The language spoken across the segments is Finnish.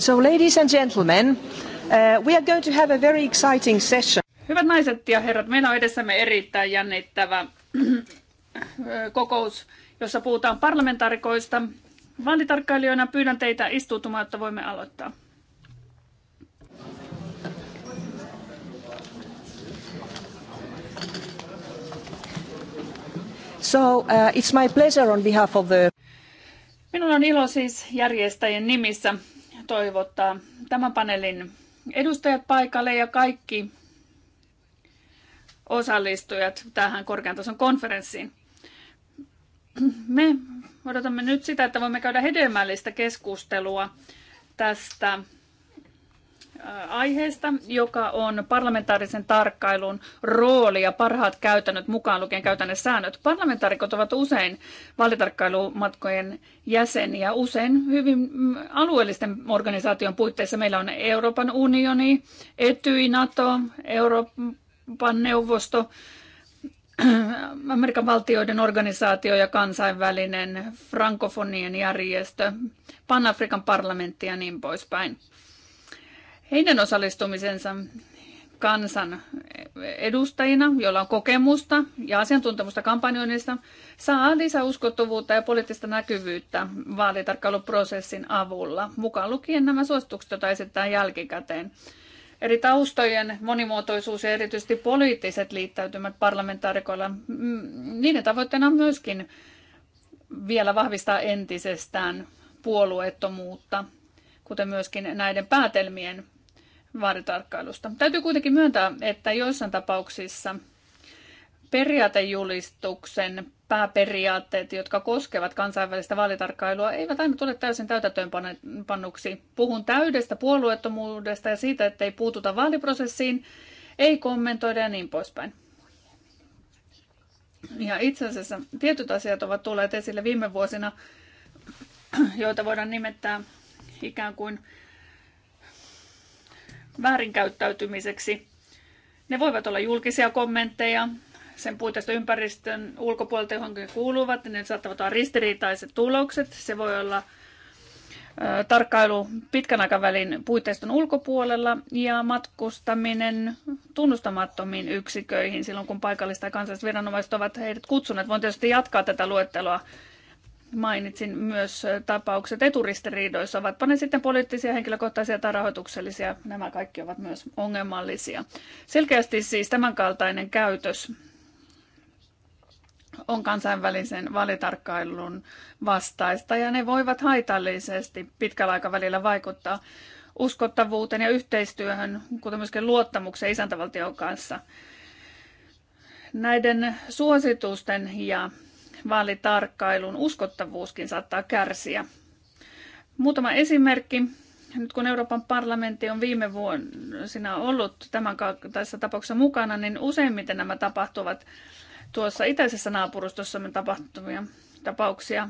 So, ladies and gentlemen, uh, we are going to have a very exciting session. Hyvät naiset ja herrat, meillä on edessämme erittäin jännittävä kokous, jossa puhutaan parlamentaarikoista. Vaalitarkkailijoina pyydän teitä istuutumaan, että voimme aloittaa. So, uh, it's my pleasure on behalf of the... Minulla on ilo siis järjestäjien nimissä toivottaa tämän paneelin edustajat paikalle ja kaikki osallistujat tähän korkean tason konferenssiin. Me odotamme nyt sitä, että voimme käydä hedelmällistä keskustelua tästä aiheesta, joka on parlamentaarisen tarkkailun rooli ja parhaat käytännöt mukaan lukien käytännön säännöt. Parlamentaarikot ovat usein vaalitarkkailumatkojen jäseniä, usein hyvin mm, alueellisten organisaation puitteissa. Meillä on Euroopan unioni, Etyj, NATO, Euroopan neuvosto, Amerikan valtioiden organisaatio ja kansainvälinen frankofonien järjestö, Pan-Afrikan parlamentti ja niin poispäin heidän osallistumisensa kansan edustajina, joilla on kokemusta ja asiantuntemusta kampanjoinnista, saa lisää uskottavuutta ja poliittista näkyvyyttä vaalitarkkailuprosessin avulla, mukaan lukien nämä suositukset, joita esitetään jälkikäteen. Eri taustojen monimuotoisuus ja erityisesti poliittiset liittäytymät parlamentaarikoilla, mm, niiden tavoitteena on myöskin vielä vahvistaa entisestään puolueettomuutta, kuten myöskin näiden päätelmien vaaritarkkailusta. Täytyy kuitenkin myöntää, että joissain tapauksissa periaatejulistuksen pääperiaatteet, jotka koskevat kansainvälistä vaalitarkkailua, eivät aina tule täysin täytäntöönpannuksi. Puhun täydestä puolueettomuudesta ja siitä, että ei puututa vaaliprosessiin, ei kommentoida ja niin poispäin. Ja itse asiassa tietyt asiat ovat tulleet esille viime vuosina, joita voidaan nimettää ikään kuin väärinkäyttäytymiseksi. Ne voivat olla julkisia kommentteja, sen puitteista ympäristön ulkopuolelta, johon ne kuuluvat, ne saattavat olla ristiriitaiset tulokset. Se voi olla tarkkailu pitkän aikavälin puitteiston ulkopuolella ja matkustaminen tunnustamattomiin yksiköihin silloin, kun paikallista ja kansalliset viranomaiset ovat heidät kutsuneet. Voin tietysti jatkaa tätä luetteloa Mainitsin myös tapaukset eturistiriidoissa, ovatpa ne sitten poliittisia, henkilökohtaisia tai rahoituksellisia. Nämä kaikki ovat myös ongelmallisia. Selkeästi siis tämänkaltainen käytös on kansainvälisen valitarkkailun vastaista ja ne voivat haitallisesti pitkällä aikavälillä vaikuttaa uskottavuuteen ja yhteistyöhön, kuten myöskin luottamukseen isäntävaltion kanssa. Näiden suositusten ja vaalitarkkailun uskottavuuskin saattaa kärsiä. Muutama esimerkki. Nyt kun Euroopan parlamentti on viime vuonna ollut tämän tässä tapauksessa mukana, niin useimmiten nämä tapahtuvat tuossa itäisessä naapurustossamme tapahtuvia tapauksia,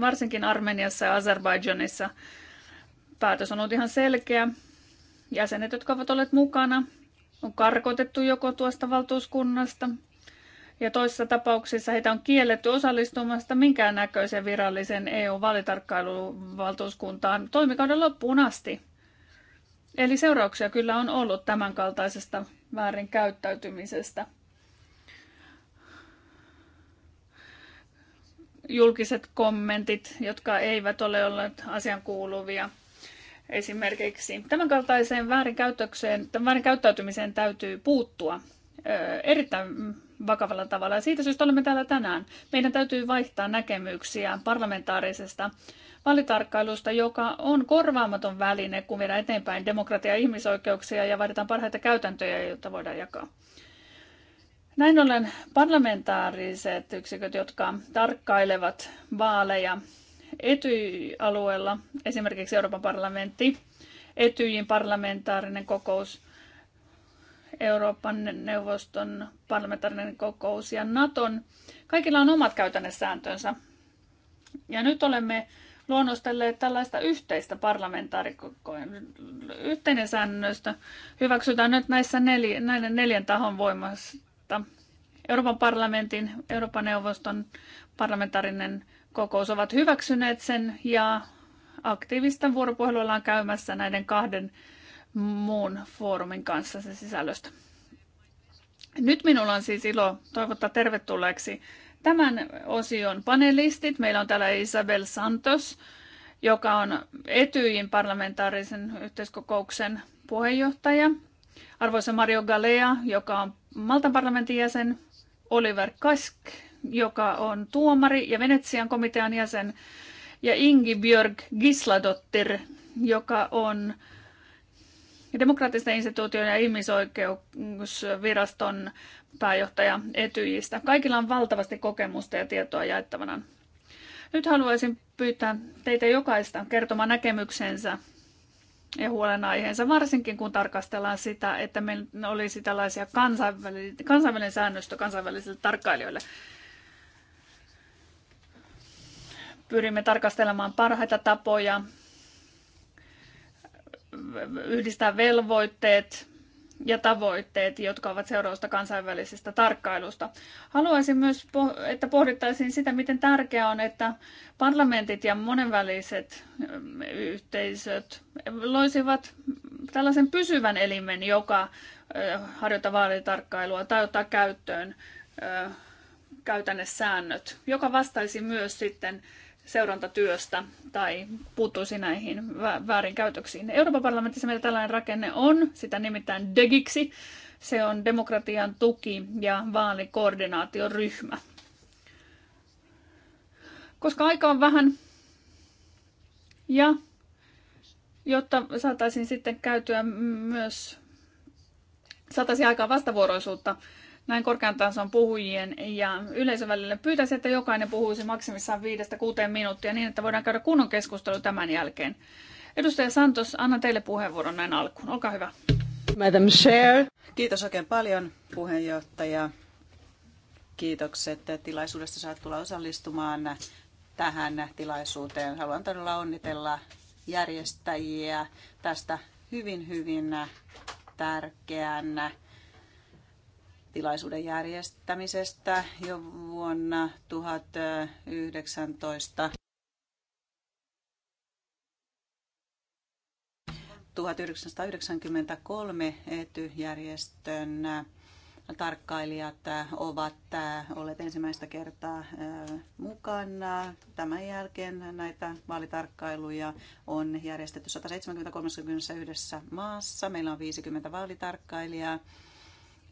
varsinkin Armeniassa ja Azerbaidžanissa. Päätös on ollut ihan selkeä. Jäsenet, jotka ovat olleet mukana, on karkotettu joko tuosta valtuuskunnasta – ja toisissa tapauksissa heitä on kielletty osallistumasta minkään näköisen virallisen EU-valitarkkailuvaltuuskuntaan toimikauden loppuun asti. Eli seurauksia kyllä on ollut tämänkaltaisesta käyttäytymisestä. Julkiset kommentit, jotka eivät ole olleet asian kuuluvia. Esimerkiksi tämänkaltaiseen väärinkäytökseen, tämän väärinkäyttäytymiseen täytyy puuttua erittäin vakavalla tavalla. Ja siitä syystä olemme täällä tänään. Meidän täytyy vaihtaa näkemyksiä parlamentaarisesta vaalitarkkailusta, joka on korvaamaton väline, kun viedään eteenpäin demokratia- ja ihmisoikeuksia ja vaaditaan parhaita käytäntöjä, joita voidaan jakaa. Näin ollen parlamentaariset yksiköt, jotka tarkkailevat vaaleja Etyj-alueella, esimerkiksi Euroopan parlamentti, Etyjin parlamentaarinen kokous – Euroopan neuvoston parlamentaarinen kokous ja Naton. Kaikilla on omat sääntönsä. Ja nyt olemme luonnostelleet tällaista yhteistä parlamentaarikkoa. Yhteinen säännöstö hyväksytään nyt näissä neli, näiden neljän tahon voimasta. Euroopan parlamentin, Euroopan neuvoston parlamentaarinen kokous ovat hyväksyneet sen ja aktiivista vuoropuhelua ollaan käymässä näiden kahden muun foorumin kanssa sen sisällöstä. Nyt minulla on siis ilo toivottaa tervetulleeksi tämän osion panelistit. Meillä on täällä Isabel Santos, joka on Etyjin parlamentaarisen yhteiskokouksen puheenjohtaja. Arvoisa Mario Galea, joka on Maltan parlamentin jäsen. Oliver Kask, joka on tuomari ja Venetsian komitean jäsen. Ja Ingi Björg Gisladottir, joka on demokraattisten instituutioiden ja ihmisoikeusviraston pääjohtaja Etyjistä. Kaikilla on valtavasti kokemusta ja tietoa jaettavana. Nyt haluaisin pyytää teitä jokaista kertomaan näkemyksensä ja huolenaiheensa, varsinkin kun tarkastellaan sitä, että meillä olisi tällaisia kansainvälinen, kansainvälinen säännöstö kansainvälisille tarkkailijoille. Pyrimme tarkastelemaan parhaita tapoja yhdistää velvoitteet ja tavoitteet, jotka ovat seurausta kansainvälisestä tarkkailusta. Haluaisin myös, että pohdittaisiin sitä, miten tärkeää on, että parlamentit ja monenväliset mm, yhteisöt loisivat tällaisen pysyvän elimen, joka harjoittaa vaalitarkkailua tai ottaa käyttöön käytännössäännöt, joka vastaisi myös sitten seurantatyöstä tai puuttuisi näihin väärinkäytöksiin. Euroopan parlamentissa meillä tällainen rakenne on, sitä nimittäin DEGiksi. Se on demokratian tuki- ja vaalikoordinaatioryhmä. Koska aika on vähän ja jotta saataisiin sitten käytyä myös saataisiin aikaa vastavuoroisuutta näin korkean tason puhujien ja yleisön välillä. Pyytäisin, että jokainen puhuisi maksimissaan viidestä kuuteen minuuttia niin, että voidaan käydä kunnon keskustelu tämän jälkeen. Edustaja Santos, annan teille puheenvuoron näin alkuun. Olkaa hyvä. Madam Chair. Kiitos oikein paljon puheenjohtaja. Kiitokset tilaisuudesta saat tulla osallistumaan tähän tilaisuuteen. Haluan todella onnitella järjestäjiä tästä hyvin, hyvin tärkeän tilaisuuden järjestämisestä jo vuonna 1900. 1993 ETY-järjestön tarkkailijat ovat olleet ensimmäistä kertaa mukana. Tämän jälkeen näitä vaalitarkkailuja on järjestetty 170 maassa. Meillä on 50 vaalitarkkailijaa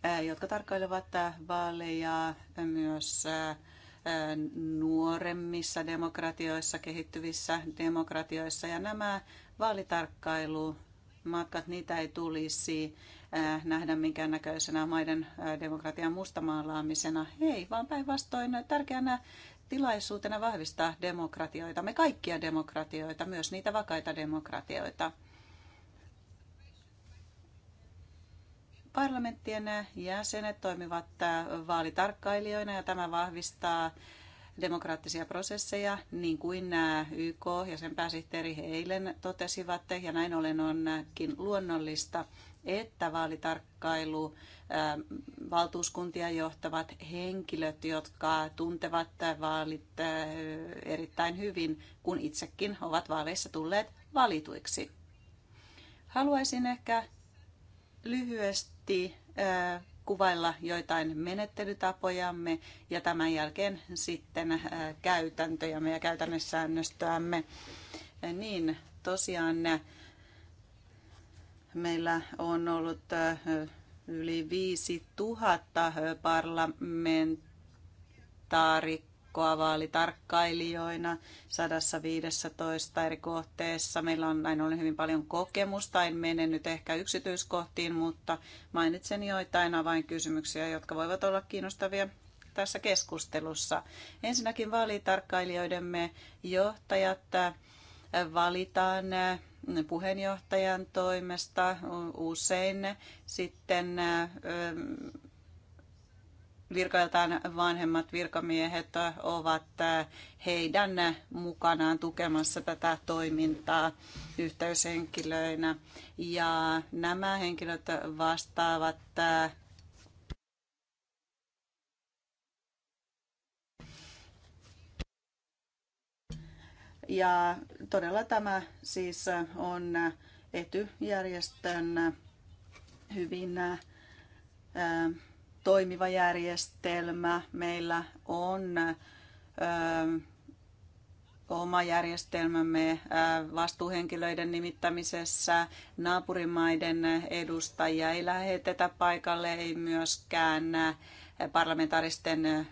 Äh, jotka tarkkailevat äh, vaaleja äh, myös nuoremmissa demokratioissa, kehittyvissä demokratioissa. Ja nämä vaalitarkkailumatkat, niitä ei tulisi nähdä minkäännäköisenä maiden demokratian mustamaalaamisena. Ei, vaan päinvastoin tärkeänä tilaisuutena vahvistaa demokratioita, me kaikkia demokratioita, myös niitä vakaita demokratioita. Parlamenttien jäsenet toimivat vaalitarkkailijoina ja tämä vahvistaa demokraattisia prosesseja, niin kuin nämä YK ja sen pääsihteeri eilen totesivat, ja näin ollen onkin luonnollista, että vaalitarkkailu valtuuskuntia johtavat henkilöt, jotka tuntevat vaalit erittäin hyvin, kun itsekin ovat vaaleissa tulleet valituiksi. Haluaisin ehkä lyhyesti piti kuvailla joitain menettelytapojamme ja tämän jälkeen sitten käytäntöjämme ja käytännössäännöstöämme. Niin, tosiaan meillä on ollut yli 5000 parlamentaarikkoa joukkoa vaalitarkkailijoina 115 eri kohteessa. Meillä on näin ollen hyvin paljon kokemusta. En mene nyt ehkä yksityiskohtiin, mutta mainitsen joitain avainkysymyksiä, jotka voivat olla kiinnostavia tässä keskustelussa. Ensinnäkin vaalitarkkailijoidemme johtajat valitaan puheenjohtajan toimesta usein sitten virkailtaan vanhemmat virkamiehet ovat eh, heidän mukanaan tukemassa tätä toimintaa yhteyshenkilöinä. Ja nämä henkilöt vastaavat eh, Ja todella tämä siis on etyjärjestön hyvin eh, toimiva järjestelmä. Meillä on ö, ähm, oma järjestelmämme äh, vastuuhenkilöiden nimittämisessä. Naapurimaiden edustajia ei lähetetä paikalle, ei myöskään äh, parlamentaaristen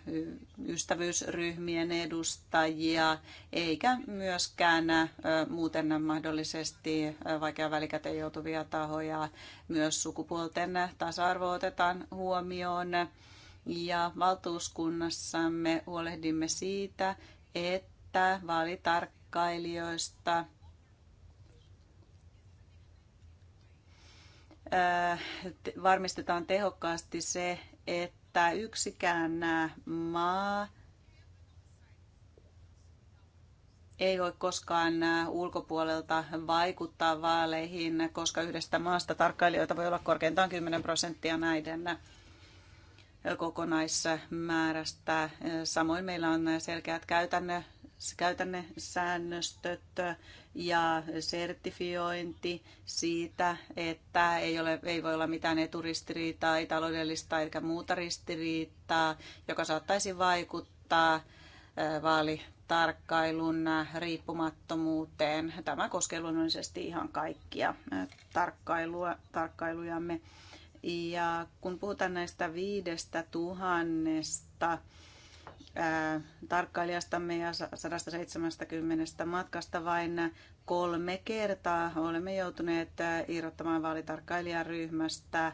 ystävyysryhmien edustajia, eikä myöskään muuten mahdollisesti vaikea välikäteen joutuvia tahoja. Myös sukupuolten tasa-arvo otetaan huomioon. Ja valtuuskunnassamme huolehdimme siitä, että vaalitarkkailijoista varmistetaan tehokkaasti se, että että yksikään maa ei voi koskaan ulkopuolelta vaikuttaa vaaleihin, koska yhdestä maasta tarkkailijoita voi olla korkeintaan 10 prosenttia näiden kokonaismäärästä. Samoin meillä on selkeät käytännön käytännön säännöstöt ja sertifiointi siitä, että ei, ole, ei voi olla mitään eturistiriitaa, ei taloudellista eikä muuta ristiriitaa, joka saattaisi vaikuttaa äh, vaalitarkkailun äh, riippumattomuuteen. Tämä koskee luonnollisesti ihan kaikkia äh, tarkkailua, tarkkailujamme. Ja kun puhutaan näistä viidestä tuhannesta tarkkailijastamme ja 170 matkasta vain kolme kertaa olemme joutuneet irrottamaan vaalitarkkailijan ryhmästä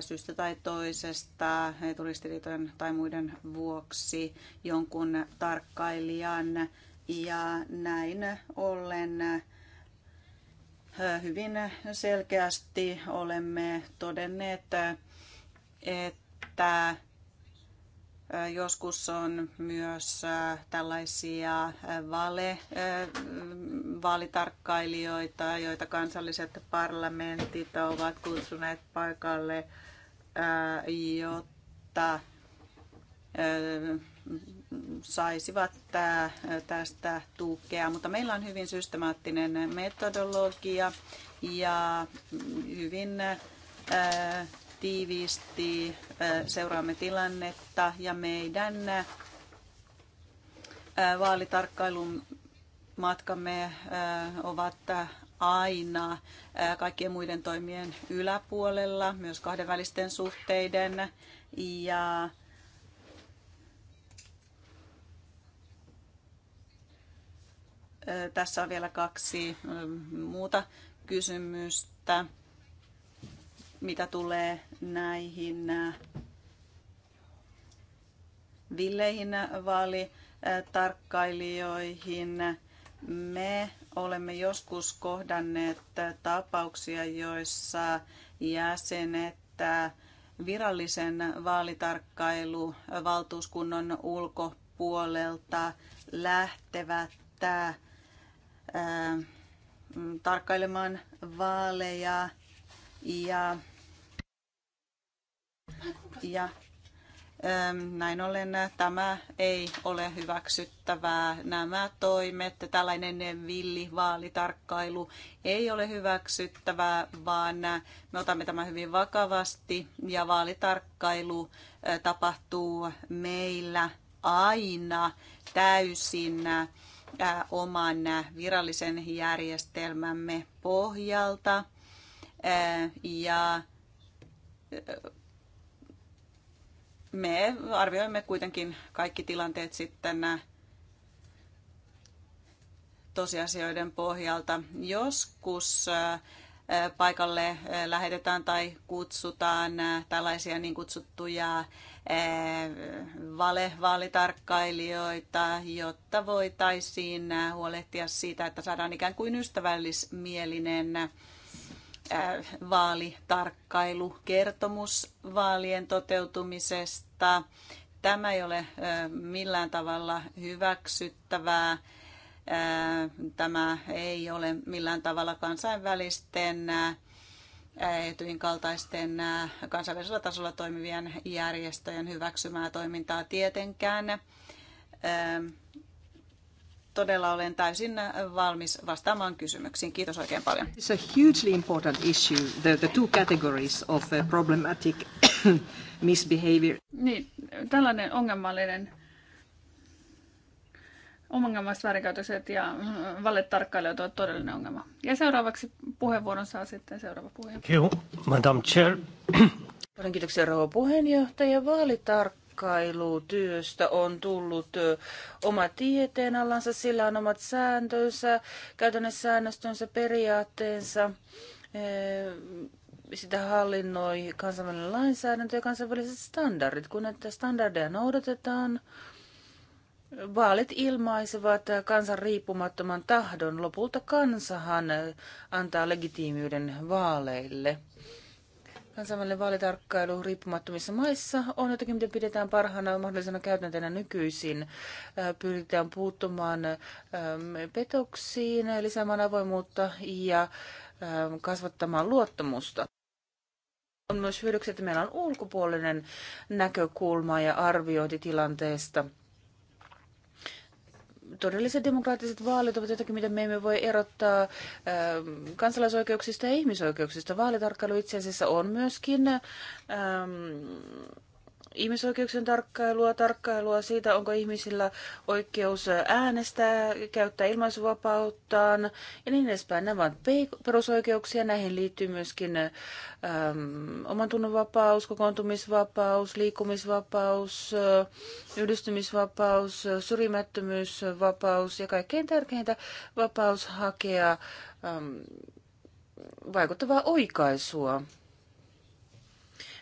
syystä tai toisesta, turistiliiton tai muiden vuoksi jonkun tarkkailijan. Ja näin ollen hyvin selkeästi olemme todenneet, että Joskus on myös tällaisia vale, vaalitarkkailijoita, joita kansalliset parlamentit ovat kutsuneet paikalle, jotta saisivat tästä tukea. Mutta meillä on hyvin systemaattinen metodologia ja hyvin tiiviisti seuraamme tilannetta ja meidän vaalitarkkailun matkamme ovat aina kaikkien muiden toimien yläpuolella, myös kahdenvälisten suhteiden ja Tässä on vielä kaksi muuta kysymystä mitä tulee näihin äh, villeihin äh, vaalitarkkailijoihin. Me olemme joskus kohdanneet äh, tapauksia, joissa jäsenet virallisen vaalitarkkailuvaltuuskunnan ulkopuolelta lähtevät mm, tarkkailemaan vaaleja ja ja ähm, näin ollen tämä ei ole hyväksyttävää. Nämä toimet, tällainen villi vaalitarkkailu ei ole hyväksyttävää, vaan me otamme tämän hyvin vakavasti ja vaalitarkkailu äh, tapahtuu meillä aina täysin äh, oman virallisen järjestelmämme pohjalta. Äh, ja me arvioimme kuitenkin kaikki tilanteet sitten äh, tosiasioiden pohjalta. Joskus äh, äh, paikalle lähetetään tai kutsutaan tällaisia niin kutsuttuja valevaalitarkkailijoita, jotta voitaisiin huolehtia siitä, että saadaan ikään kuin ystävällismielinen vaalitarkkailukertomus vaalien toteutumisesta mutta tämä ei ole millään tavalla hyväksyttävää. Tämä ei ole millään tavalla kansainvälisten Etyjin kaltaisten kansainvälisellä tasolla toimivien järjestöjen hyväksymää toimintaa tietenkään todella olen täysin valmis vastaamaan kysymyksiin. Kiitos oikein paljon. It's a hugely important issue, the, the two categories of uh, problematic misbehavior. Niin, tällainen ongelmallinen ongelmaiset väärinkäytökset ja mm, valetarkkailijat ovat todellinen ongelma. Ja seuraavaksi puheenvuoron saa sitten seuraava puheenjohtaja. Kiitos, Madam Chair. Paljon kiitoksia rouva puheenjohtaja. Vaalitarkkailu tarkkailutyöstä on tullut oma tieteenalansa, sillä on omat sääntönsä, käytännössä säännöstönsä, periaatteensa. Sitä hallinnoi kansainvälinen lainsäädäntö ja kansainväliset standardit. Kun näitä standardeja noudatetaan, Vaalit ilmaisevat kansan riippumattoman tahdon. Lopulta kansahan antaa legitiimiyden vaaleille. Kansainvälinen vaalitarkkailu riippumattomissa maissa on jotakin, mitä pidetään parhaana mahdollisena käytäntönä nykyisin. Pyritään puuttumaan petoksiin, lisäämään avoimuutta ja kasvattamaan luottamusta. On myös hyödyksi, että meillä on ulkopuolinen näkökulma ja arviointi tilanteesta – todelliset demokraattiset vaalit ovat jotakin, mitä me emme voi erottaa ähm, kansalaisoikeuksista ja ihmisoikeuksista. Vaalitarkkailu itse asiassa on myöskin ähm, ihmisoikeuksien tarkkailua, tarkkailua siitä, onko ihmisillä oikeus äänestää, käyttää ilmaisuvapauttaan ja niin edespäin. Nämä ovat perusoikeuksia, näihin liittyy myöskin äm, oman tunnonvapaus, kokoontumisvapaus, liikkumisvapaus, äh, yhdistymisvapaus, äh, syrjimättömyysvapaus ja kaikkein tärkeintä vapaus hakea äm, vaikuttavaa oikaisua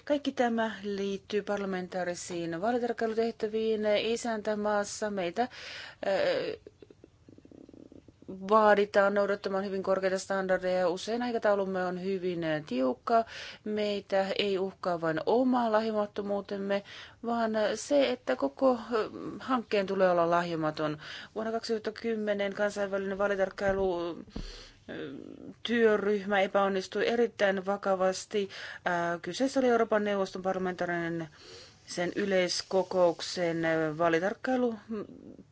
kaikki tämä liittyy parlamentaarisiin vaalitarkkailutehtäviin isäntämaassa. Meitä äh, vaaditaan noudattamaan hyvin korkeita standardeja. Usein aikataulumme on hyvin tiukka. Meitä ei uhkaa vain oma lahjomattomuutemme, vaan se, että koko äh, hankkeen tulee olla lahjomaton. Vuonna 2010 kansainvälinen vaalitarkkailu työryhmä epäonnistui erittäin vakavasti. Äh, kyseessä oli Euroopan neuvoston parlamentaarinen sen yleiskokouksen äh,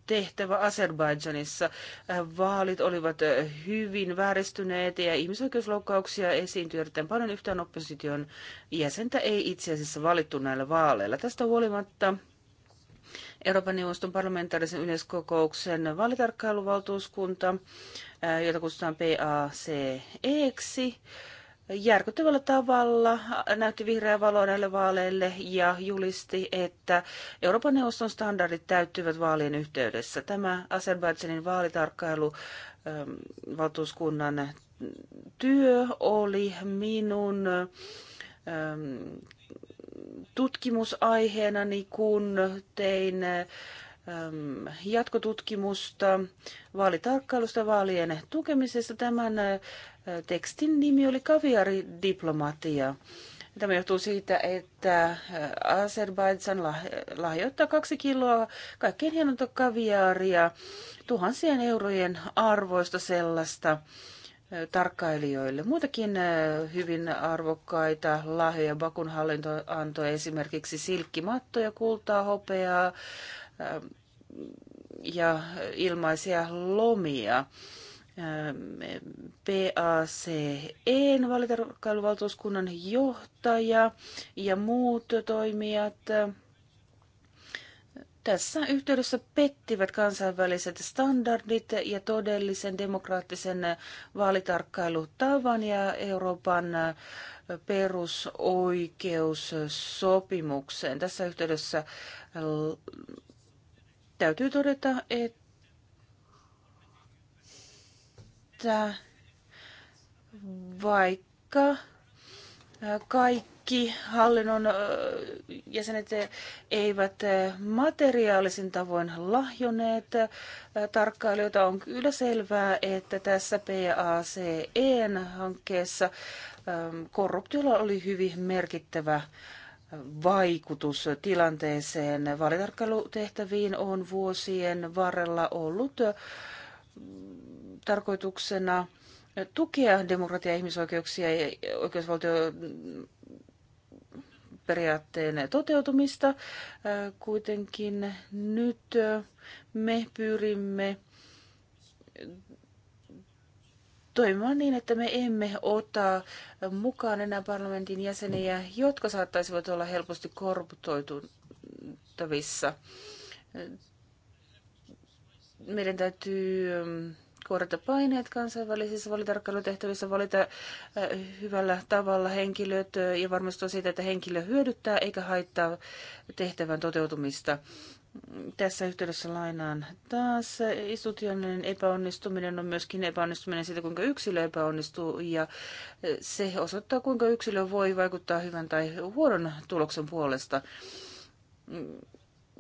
tehtävä Azerbaidžanissa. Äh, vaalit olivat hyvin vääristyneet ja ihmisoikeusloukkauksia esiintyi erittäin paljon. Yhtään opposition jäsentä ei itse asiassa valittu näillä vaaleilla. Tästä huolimatta Euroopan neuvoston parlamentaarisen yleiskokouksen vaalitarkkailuvaltuuskunta, jota kutsutaan PACE-ksi, järkyttävällä tavalla näytti vihreää valoa näille vaaleille ja julisti, että Euroopan neuvoston standardit täyttyvät vaalien yhteydessä. Tämä Azerbaidžanin vaalitarkkailuvaltuuskunnan työ oli minun tutkimusaiheena, niin kun tein ähm, jatkotutkimusta vaalitarkkailusta vaalien tukemisesta. Tämän äh, tekstin nimi oli Kaviaridiplomatia. Tämä johtuu siitä, että äh, Azerbaidsan lahjoittaa kaksi kiloa kaikkein hienointa kaviaaria tuhansien eurojen arvoista sellaista tarkkailijoille. Muitakin äh, hyvin arvokkaita lahjoja Bakun hallinto antoi esimerkiksi silkkimattoja, kultaa, hopeaa ähm, ja ilmaisia lomia. Ähm, PACE, valitarkkailuvaltuuskunnan johtaja ja muut toimijat tässä yhteydessä pettivät kansainväliset standardit ja todellisen demokraattisen vaalitarkkailutavan ja Euroopan äh, perusoikeussopimukseen. Tässä yhteydessä äh, täytyy todeta, että vaikka äh, kaikki kaikki hallinnon jäsenet eivät materiaalisin tavoin lahjoneet. Tarkkailijoita on kyllä selvää, että tässä PACE-hankkeessa korruptiolla oli hyvin merkittävä vaikutus tilanteeseen. Vaalitarkkailutehtäviin on vuosien varrella ollut tarkoituksena tukea demokratia- ja ihmisoikeuksia ja oikeusvaltio periaatteen toteutumista. Äh, kuitenkin nyt äh, me pyrimme äh, toimimaan niin, että me emme ota mukaan enää parlamentin jäseniä, jotka saattaisivat olla helposti korruptoitavissa. Meidän täytyy mm, kuorata paineet kansainvälisissä valitarkkailutehtävissä, valita äh, hyvällä tavalla henkilöt äh, ja varmistua siitä, että henkilö hyödyttää eikä haittaa tehtävän toteutumista. Tässä yhteydessä lainaan taas. Institutionaalinen epäonnistuminen on myöskin epäonnistuminen siitä, kuinka yksilö epäonnistuu, ja äh, se osoittaa, kuinka yksilö voi vaikuttaa hyvän tai huonon tuloksen puolesta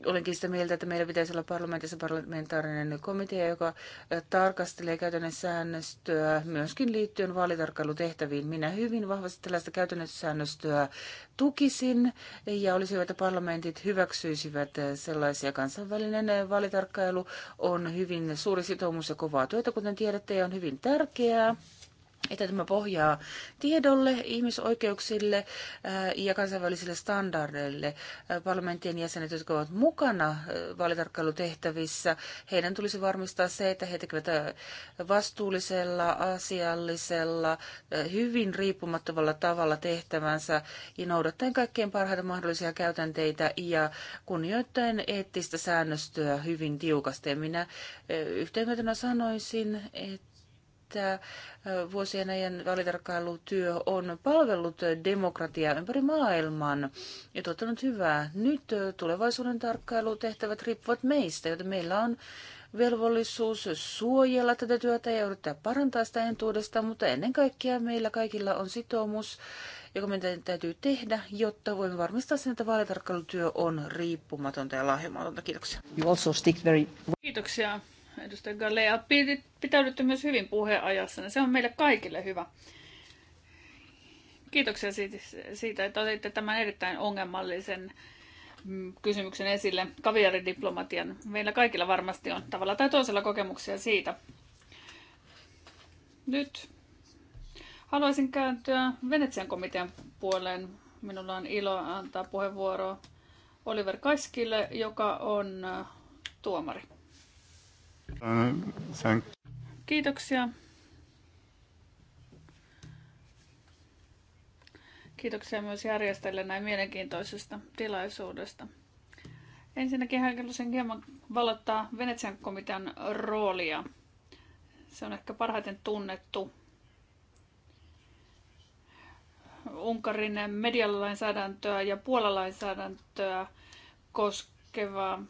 olenkin sitä mieltä, että meillä pitäisi olla parlamentissa parlamentaarinen komitea, joka tarkastelee käytännön säännöstöä myöskin liittyen vaalitarkkailutehtäviin. Minä hyvin vahvasti tällaista käytännön säännöstöä tukisin ja olisi hyvä, että parlamentit hyväksyisivät sellaisia. Kansainvälinen vaalitarkkailu on hyvin suuri sitoumus ja kovaa työtä, kuten tiedätte, ja on hyvin tärkeää että tämä pohjaa tiedolle, ihmisoikeuksille äh, ja kansainvälisille standardeille. Äh, parlamenttien jäsenet, jotka ovat mukana äh, vaalitarkkailutehtävissä, heidän tulisi varmistaa se, että he tekevät vastuullisella, asiallisella, hyvin riippumattomalla tavalla tehtävänsä ja noudattaen kaikkien parhaita mahdollisia käytänteitä ja kunnioittaen eettistä säännöstöä hyvin tiukasti. minä yhteenvetona sanoisin, että että vuosien ajan välitarkkailutyö on palvellut demokratiaa ympäri maailman ja tuottanut hyvää. Nyt tulevaisuuden tarkkailutehtävät riippuvat meistä, joten meillä on velvollisuus suojella tätä työtä ja yrittää parantaa sitä entuudesta, mutta ennen kaikkea meillä kaikilla on sitoumus, joka meidän täytyy tehdä, jotta voimme varmistaa sen, että vaalitarkkailutyö on riippumatonta ja lahjomatonta. Kiitoksia. You also stick very... Kiitoksia edustaja Galea. Pitäydytte myös hyvin puheenajassa. Niin se on meille kaikille hyvä. Kiitoksia siitä, että otitte tämän erittäin ongelmallisen mm, kysymyksen esille kaviaridiplomatian. Niin meillä kaikilla varmasti on tavalla tai toisella kokemuksia siitä. Nyt haluaisin kääntyä Venetsian komitean puoleen. Minulla on ilo antaa puheenvuoro Oliver Kaiskille, joka on äh, tuomari. Thank. Kiitoksia. Kiitoksia myös järjestäjille näin mielenkiintoisesta tilaisuudesta. Ensinnäkin haluaisin hieman valottaa Venetsian komitean roolia. Se on ehkä parhaiten tunnettu Unkarin medialainsäädäntöä ja puolalainsäädäntöä koskeva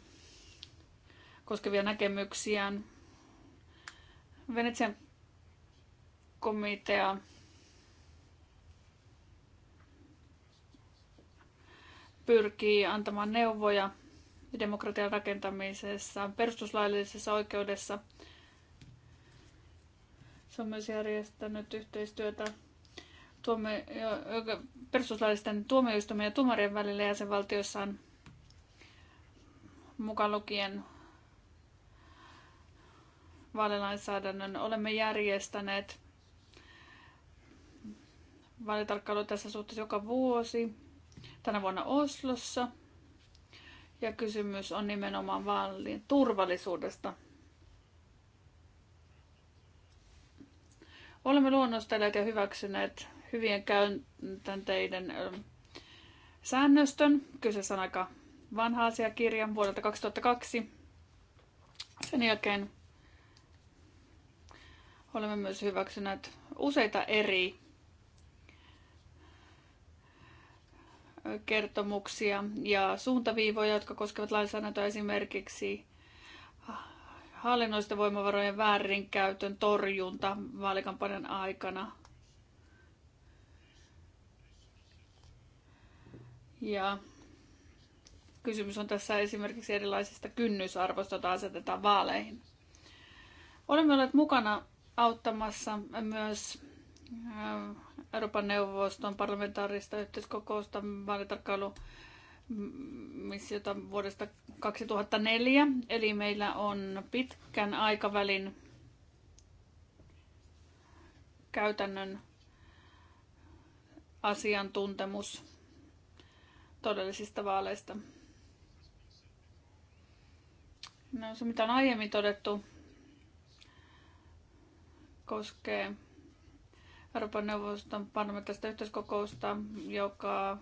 koskevia näkemyksiään. Venetsian komitea pyrkii antamaan neuvoja demokratian rakentamisessa, perustuslaillisessa oikeudessa. Se on myös järjestänyt yhteistyötä tuomio- perustuslaillisten tuomioistuimien ja tuomarien välillä jäsenvaltioissaan mukaan lukien vaalilainsäädännön. Olemme järjestäneet vaalitarkkailu tässä suhteessa joka vuosi. Tänä vuonna Oslossa. Ja kysymys on nimenomaan vaalien turvallisuudesta. Olemme luonnostelleet ja hyväksyneet hyvien käytänteiden säännöstön. Kyseessä on aika vanha asiakirja vuodelta 2002. Sen jälkeen Olemme myös hyväksyneet useita eri kertomuksia ja suuntaviivoja, jotka koskevat lainsäädäntöä esimerkiksi hallinnoista voimavarojen väärinkäytön torjunta vaalikampanjan aikana. Ja kysymys on tässä esimerkiksi erilaisista kynnysarvoista, joita asetetaan vaaleihin. Olemme olleet mukana auttamassa myös äh, Euroopan neuvoston parlamentaarista yhteiskokousta vaalitarkkailu missiota vuodesta 2004. Eli meillä on pitkän aikavälin käytännön asiantuntemus todellisista vaaleista. No se mitä on aiemmin todettu, koskee Euroopan neuvoston parlamentaarista yhteiskokousta, joka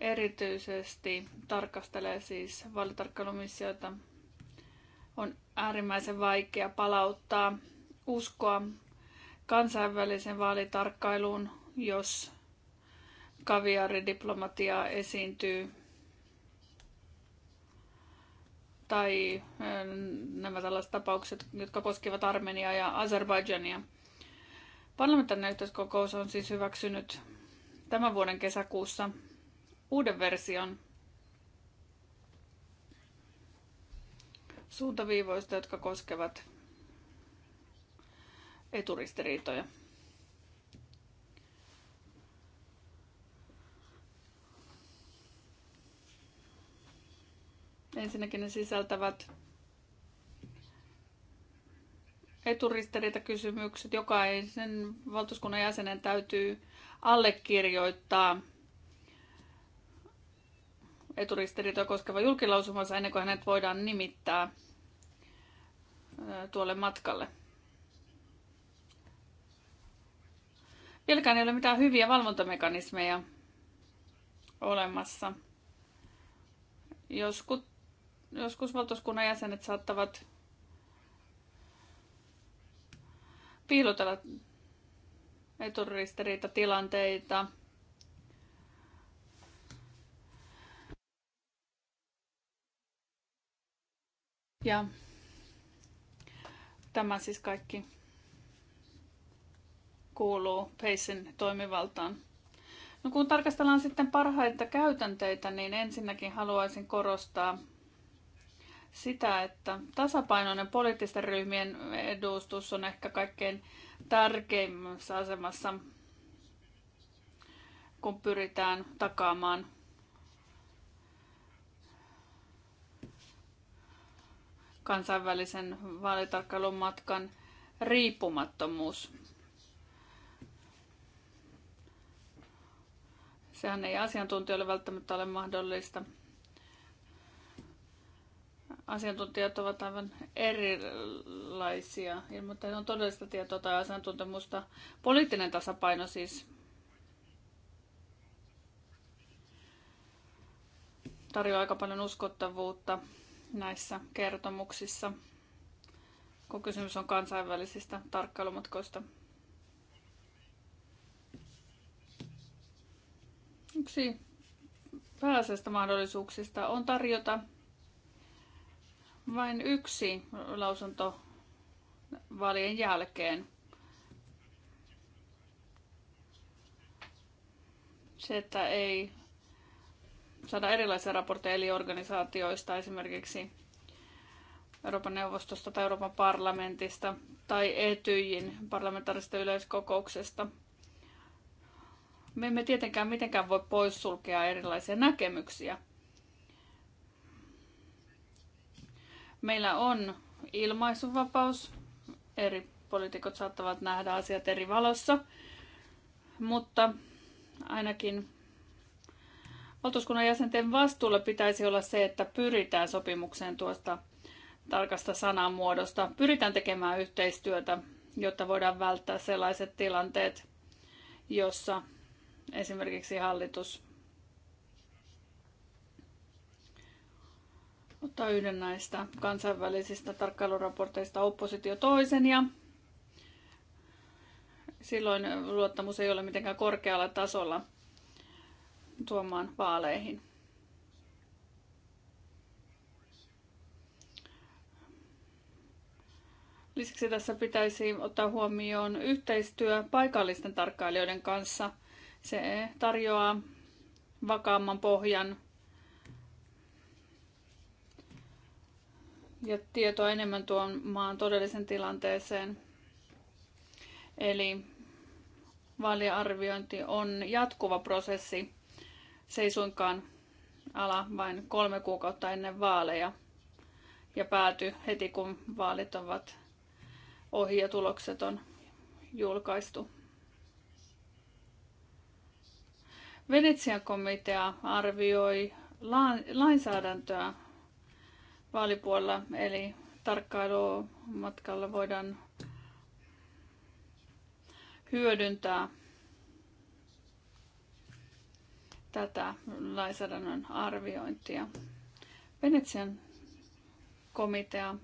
erityisesti tarkastelee siis vaalitarkkailumissioita. On äärimmäisen vaikea palauttaa uskoa kansainväliseen vaalitarkkailuun, jos kaviaridiplomatiaa esiintyy tai nämä tällaiset tapaukset, jotka koskevat Armeniaa ja Azerbaijania. Parlamentaarinen yhteiskokous on siis hyväksynyt tämän vuoden kesäkuussa uuden version suuntaviivoista, jotka koskevat eturistiriitoja. Ensinnäkin ne sisältävät eturistiriitakysymykset. Jokaisen valtuuskunnan jäsenen täytyy allekirjoittaa eturistiriitoja koskeva julkilausumansa ennen kuin hänet voidaan nimittää tuolle matkalle. Vieläkään ei ole mitään hyviä valvontamekanismeja olemassa. Joskus Joskus valtuuskunnan jäsenet saattavat piilotella tilanteita Ja tämä siis kaikki kuuluu Peisin toimivaltaan. No kun tarkastellaan sitten parhaita käytänteitä, niin ensinnäkin haluaisin korostaa sitä, että tasapainoinen poliittisten ryhmien edustus on ehkä kaikkein tärkeimmässä asemassa, kun pyritään takaamaan kansainvälisen vaalitarkkailun matkan riippumattomuus. Sehän ei asiantuntijoille välttämättä ole mahdollista asiantuntijat ovat aivan erilaisia, mutta on todellista tietoa tai asiantuntemusta. Poliittinen tasapaino siis tarjoaa aika paljon uskottavuutta näissä kertomuksissa, kun kysymys on kansainvälisistä tarkkailumatkoista. Yksi pääasiasta mahdollisuuksista on tarjota vain yksi lausunto vaalien jälkeen. Se, että ei saada erilaisia raportteja eli organisaatioista esimerkiksi Euroopan neuvostosta tai Euroopan parlamentista tai Etyjin parlamentaarisesta yleiskokouksesta. Me emme tietenkään mitenkään voi poissulkea erilaisia näkemyksiä – Meillä on ilmaisuvapaus. Eri poliitikot saattavat nähdä asiat eri valossa, mutta ainakin valtuuskunnan jäsenten vastuulla pitäisi olla se, että pyritään sopimukseen tuosta tarkasta sanamuodosta. Pyritään tekemään yhteistyötä, jotta voidaan välttää sellaiset tilanteet, jossa esimerkiksi hallitus ottaa yhden näistä kansainvälisistä tarkkailuraporteista oppositio toisen ja silloin luottamus ei ole mitenkään korkealla tasolla tuomaan vaaleihin. Lisäksi tässä pitäisi ottaa huomioon yhteistyö paikallisten tarkkailijoiden kanssa. Se tarjoaa vakaamman pohjan ja tietoa enemmän tuon maan todellisen tilanteeseen. Eli vaaliarviointi on jatkuva prosessi. Se ei suinkaan ala vain kolme kuukautta ennen vaaleja ja pääty heti kun vaalit ovat ohi ja tulokset on julkaistu. Venetsian komitea arvioi lainsäädäntöä vaalipuolella, eli tarkkailumatkalla voidaan hyödyntää tätä lainsäädännön arviointia. Venetsian komitea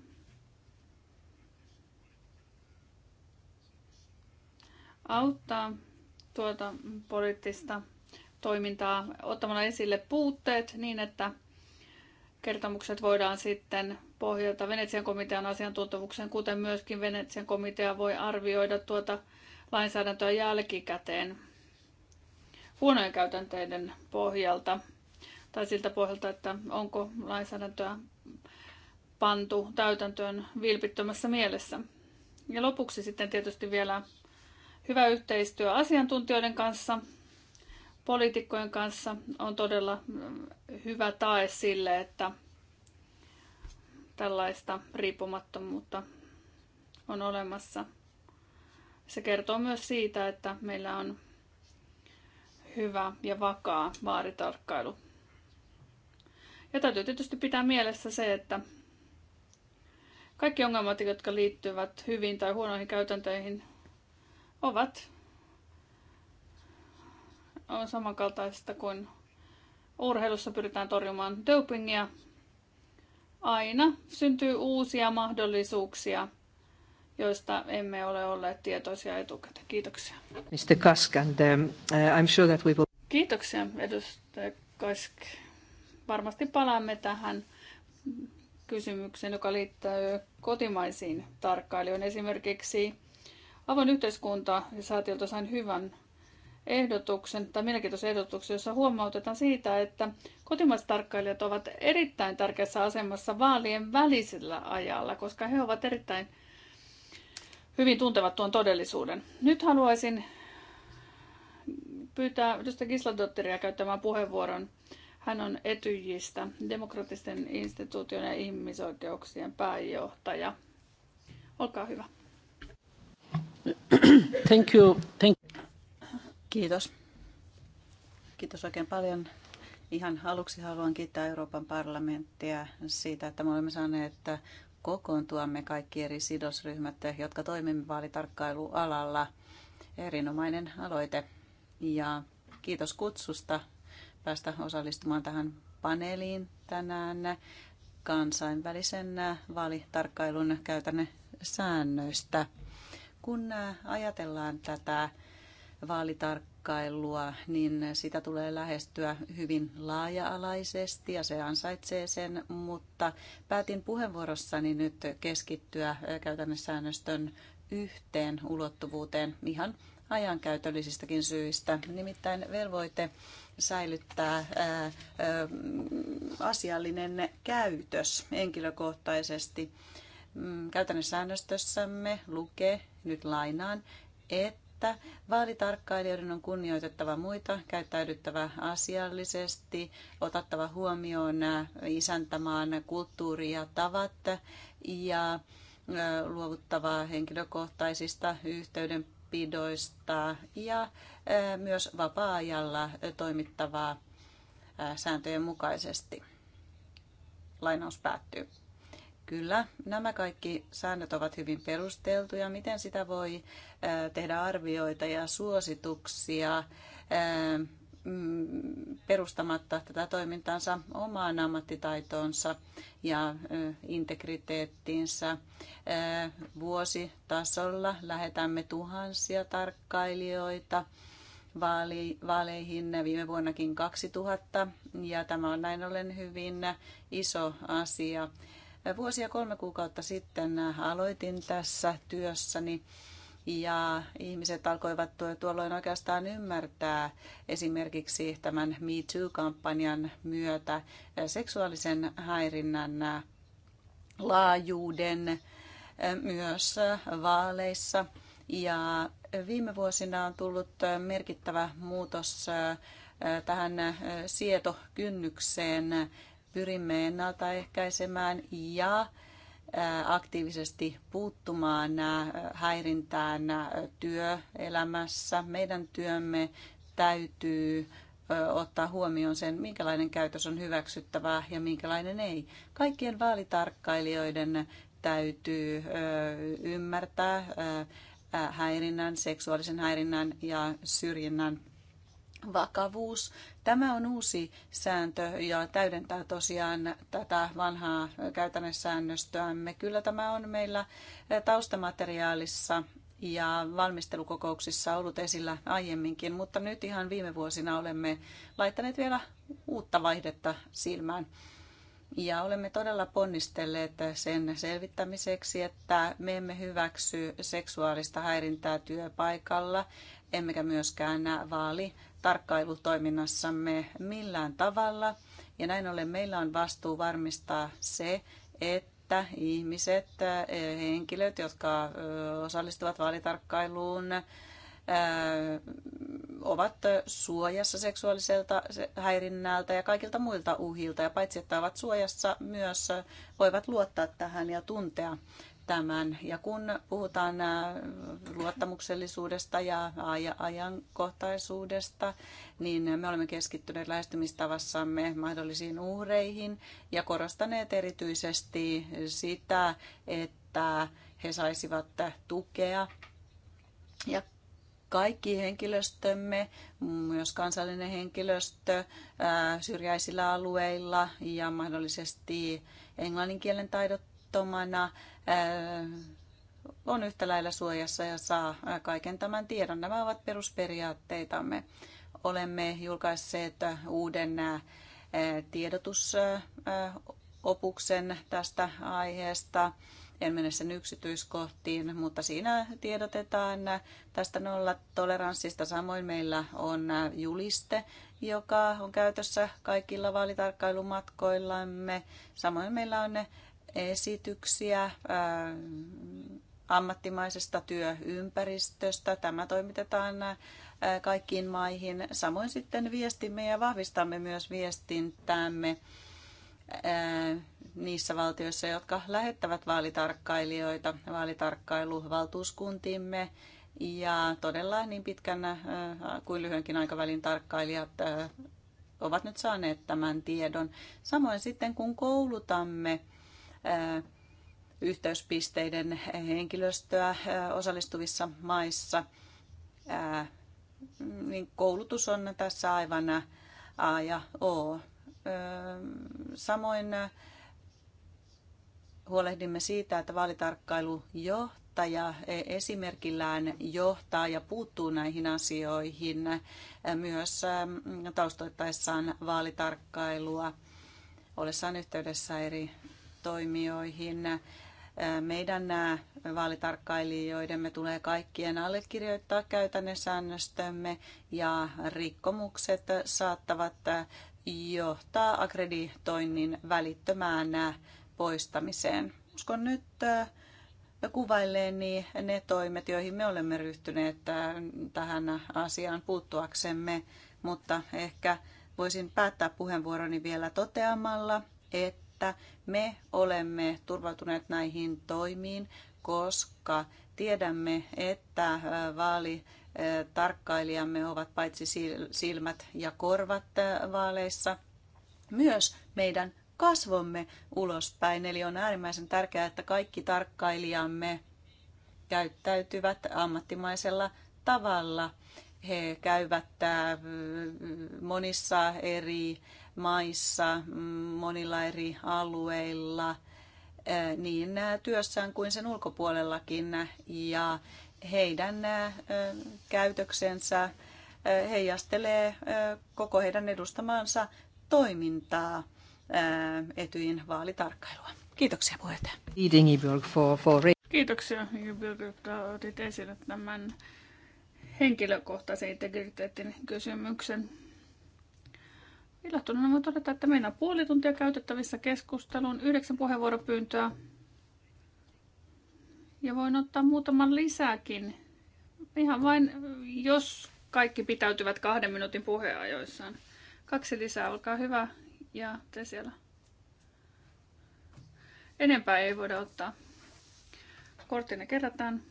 auttaa tuota poliittista toimintaa ottamalla esille puutteet niin, että kertomukset voidaan sitten pohjata Venetsian komitean asiantuntemukseen, kuten myöskin Venetsian komitea voi arvioida tuota lainsäädäntöä jälkikäteen huonojen käytänteiden pohjalta tai siltä pohjalta, että onko lainsäädäntöä pantu täytäntöön vilpittömässä mielessä. Ja lopuksi sitten tietysti vielä hyvä yhteistyö asiantuntijoiden kanssa poliitikkojen kanssa on todella mm, hyvä tae sille, että tällaista riippumattomuutta on olemassa. Se kertoo myös siitä, että meillä on hyvä ja vakaa vaaritarkkailu. Ja täytyy tietysti pitää mielessä se, että kaikki ongelmat, jotka liittyvät hyvin tai huonoihin käytäntöihin, ovat on samankaltaista kuin urheilussa pyritään torjumaan dopingia. Aina syntyy uusia mahdollisuuksia, joista emme ole olleet tietoisia etukäteen. Kiitoksia. Mr. Kask, and, um, uh, I'm sure that we will... Kiitoksia, edustaja Kask. Varmasti palaamme tähän kysymykseen, joka liittyy kotimaisiin tarkkailijoihin. Esimerkiksi avoin yhteiskunta ja säätiöltä sain hyvän ehdotuksen tai mielenkiintoisen ehdotuksen, jossa huomautetaan siitä, että kotimaiset tarkkailijat ovat erittäin tärkeässä asemassa vaalien välisellä ajalla, koska he ovat erittäin hyvin tuntevat tuon todellisuuden. Nyt haluaisin pyytää edustaja Gisladotteria käyttämään puheenvuoron. Hän on Etyjistä, demokraattisten instituutioiden ja ihmisoikeuksien pääjohtaja. Olkaa hyvä. Thank you. Thank Kiitos. Kiitos oikein paljon. Ihan aluksi haluan kiittää Euroopan parlamenttia siitä, että me olemme saaneet kokoontuamme kaikki eri sidosryhmät, jotka toimimme vaalitarkkailualalla. Erinomainen aloite. Ja kiitos kutsusta päästä osallistumaan tähän paneeliin tänään kansainvälisen vaalitarkkailun käytännön säännöistä. Kun ajatellaan tätä vaalitarkkailua, niin sitä tulee lähestyä hyvin laaja-alaisesti ja se ansaitsee sen, mutta päätin puheenvuorossani nyt keskittyä käytännössäännöstön yhteen ulottuvuuteen ihan ajankäytöllisistäkin syistä. Nimittäin velvoite säilyttää ää, ää, asiallinen käytös henkilökohtaisesti. Mm, käytännössäännöstössämme lukee, nyt lainaan, että että vaalitarkkailijoiden on kunnioitettava muita, käyttäydyttävä asiallisesti, otattava huomioon isäntämaan kulttuuri ja tavat ja luovuttava henkilökohtaisista yhteydenpidoista ja myös vapaa-ajalla toimittavaa sääntöjen mukaisesti. Lainaus päättyy. Kyllä, nämä kaikki säännöt ovat hyvin perusteltuja. Miten sitä voi tehdä arvioita ja suosituksia mm, perustamatta tätä toimintansa omaan ammattitaitoonsa ja integriteettiinsä. Vuositasolla lähetämme tuhansia tarkkailijoita vaaleihin viime vuonnakin 2000 ja tämä on näin ollen hyvin iso asia. Vuosia kolme kuukautta sitten aloitin tässä työssäni ja ihmiset alkoivat tuolloin oikeastaan ymmärtää esimerkiksi tämän Me Too-kampanjan myötä seksuaalisen häirinnän laajuuden eh, myös vaaleissa. Ja viime vuosina on tullut merkittävä muutos eh, tähän eh, sietokynnykseen pyrimme ennaltaehkäisemään ja aktiivisesti puuttumaan häirintään työelämässä. Meidän työmme täytyy ottaa huomioon sen, minkälainen käytös on hyväksyttävää ja minkälainen ei. Kaikkien vaalitarkkailijoiden täytyy ymmärtää häirinnän, seksuaalisen häirinnän ja syrjinnän vakavuus Tämä on uusi sääntö ja täydentää tosiaan tätä vanhaa käytännön Me Kyllä tämä on meillä taustamateriaalissa ja valmistelukokouksissa ollut esillä aiemminkin, mutta nyt ihan viime vuosina olemme laittaneet vielä uutta vaihdetta silmään. Ja olemme todella ponnistelleet sen selvittämiseksi, että me emme hyväksy seksuaalista häirintää työpaikalla, emmekä myöskään vaali tarkkailutoiminnassamme millään tavalla. Ja näin ollen meillä on vastuu varmistaa se, että ihmiset, eh, henkilöt, jotka eh, osallistuvat vaalitarkkailuun, eh, ovat suojassa seksuaaliselta häirinnältä ja kaikilta muilta uhilta. Ja paitsi että ovat suojassa, myös voivat luottaa tähän ja tuntea tämän. Ja kun puhutaan äh, luottamuksellisuudesta ja ajankohtaisuudesta, niin me olemme keskittyneet lähestymistavassamme mahdollisiin uhreihin ja korostaneet erityisesti sitä, että he saisivat tukea ja kaikki henkilöstömme, myös kansallinen henkilöstö äh, syrjäisillä alueilla ja mahdollisesti englannin kielen taidottomana on yhtä lailla suojassa ja saa kaiken tämän tiedon. Nämä ovat perusperiaatteitamme. Olemme julkaisseet uuden tiedotusopuksen tästä aiheesta. En mene sen yksityiskohtiin, mutta siinä tiedotetaan tästä nollatoleranssista. Samoin meillä on juliste, joka on käytössä kaikilla vaalitarkkailumatkoillamme. Samoin meillä on esityksiä ammattimaisesta työympäristöstä. Tämä toimitetaan kaikkiin maihin. Samoin sitten viestimme ja vahvistamme myös viestintäämme niissä valtioissa, jotka lähettävät vaalitarkkailijoita vaalitarkkailuvaltuuskuntiimme. Ja todella niin pitkän kuin lyhyenkin aikavälin tarkkailijat ovat nyt saaneet tämän tiedon. Samoin sitten kun koulutamme yhteyspisteiden henkilöstöä osallistuvissa maissa, niin koulutus on tässä aivan A ja O. Samoin huolehdimme siitä, että johtaja e- esimerkillään johtaa ja puuttuu näihin asioihin myös taustoittaessaan vaalitarkkailua, ollessaan yhteydessä eri toimijoihin. Meidän nämä vaalitarkkailijoidemme tulee kaikkien allekirjoittaa käytännössäännöstömme ja rikkomukset saattavat johtaa akkreditoinnin välittömään poistamiseen. Uskon nyt niin ne toimet, joihin me olemme ryhtyneet äh, tähän asiaan puuttuaksemme, mutta ehkä voisin päättää puheenvuoroni vielä toteamalla, että me olemme turvautuneet näihin toimiin, koska tiedämme, että äh, vaali äh, tarkkailijamme ovat paitsi silmät ja korvat äh, vaaleissa, myös meidän kasvomme ulospäin. Eli on äärimmäisen tärkeää, että kaikki tarkkailijamme käyttäytyvät ammattimaisella tavalla. He käyvät äh, monissa eri maissa, mm, monilla eri alueilla, äh, niin työssään kuin sen ulkopuolellakin. Ja heidän äh, käytöksensä heijastelee koko heidän edustamaansa toimintaa etyin vaalitarkkailua. Kiitoksia puheenjohtaja. Kiitoksia Ingeborg, että otit esille tämän henkilökohtaisen integriteetin kysymyksen. Ilahtuneena voin todeta, että meillä on puoli tuntia käytettävissä keskusteluun, yhdeksän puheenvuoropyyntöä. Ja voin ottaa muutaman lisääkin. Ihan vain, jos kaikki pitäytyvät kahden minuutin puheajoissaan. Kaksi lisää, olkaa hyvä. Ja te siellä. Enempää ei voida ottaa. Korttina kerätään.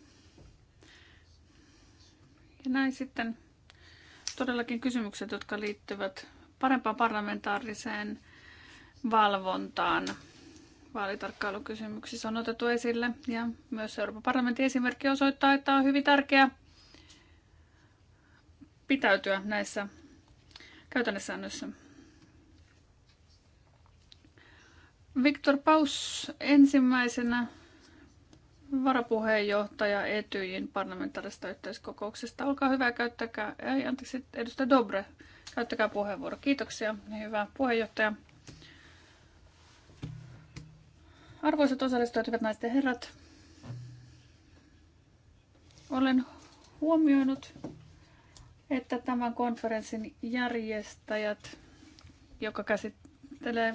Ja näin sitten todellakin kysymykset, jotka liittyvät parempaan parlamentaariseen valvontaan vaalitarkkailukysymyksissä on otettu esille. Ja myös Euroopan parlamentin esimerkki osoittaa, että on hyvin tärkeää pitäytyä näissä käytännössäännöissä. Viktor Paus ensimmäisenä varapuheenjohtaja Etyjin parlamentaarista yhteiskokouksesta. Olkaa hyvä käyttäkää, ei anteeksi, edustaja Dobre, käyttäkää puheenvuoro. Kiitoksia, hyvä puheenjohtaja. Arvoisat osallistujat, hyvät naiset ja herrat, olen huomioinut, että tämän konferenssin järjestäjät, joka käsittelee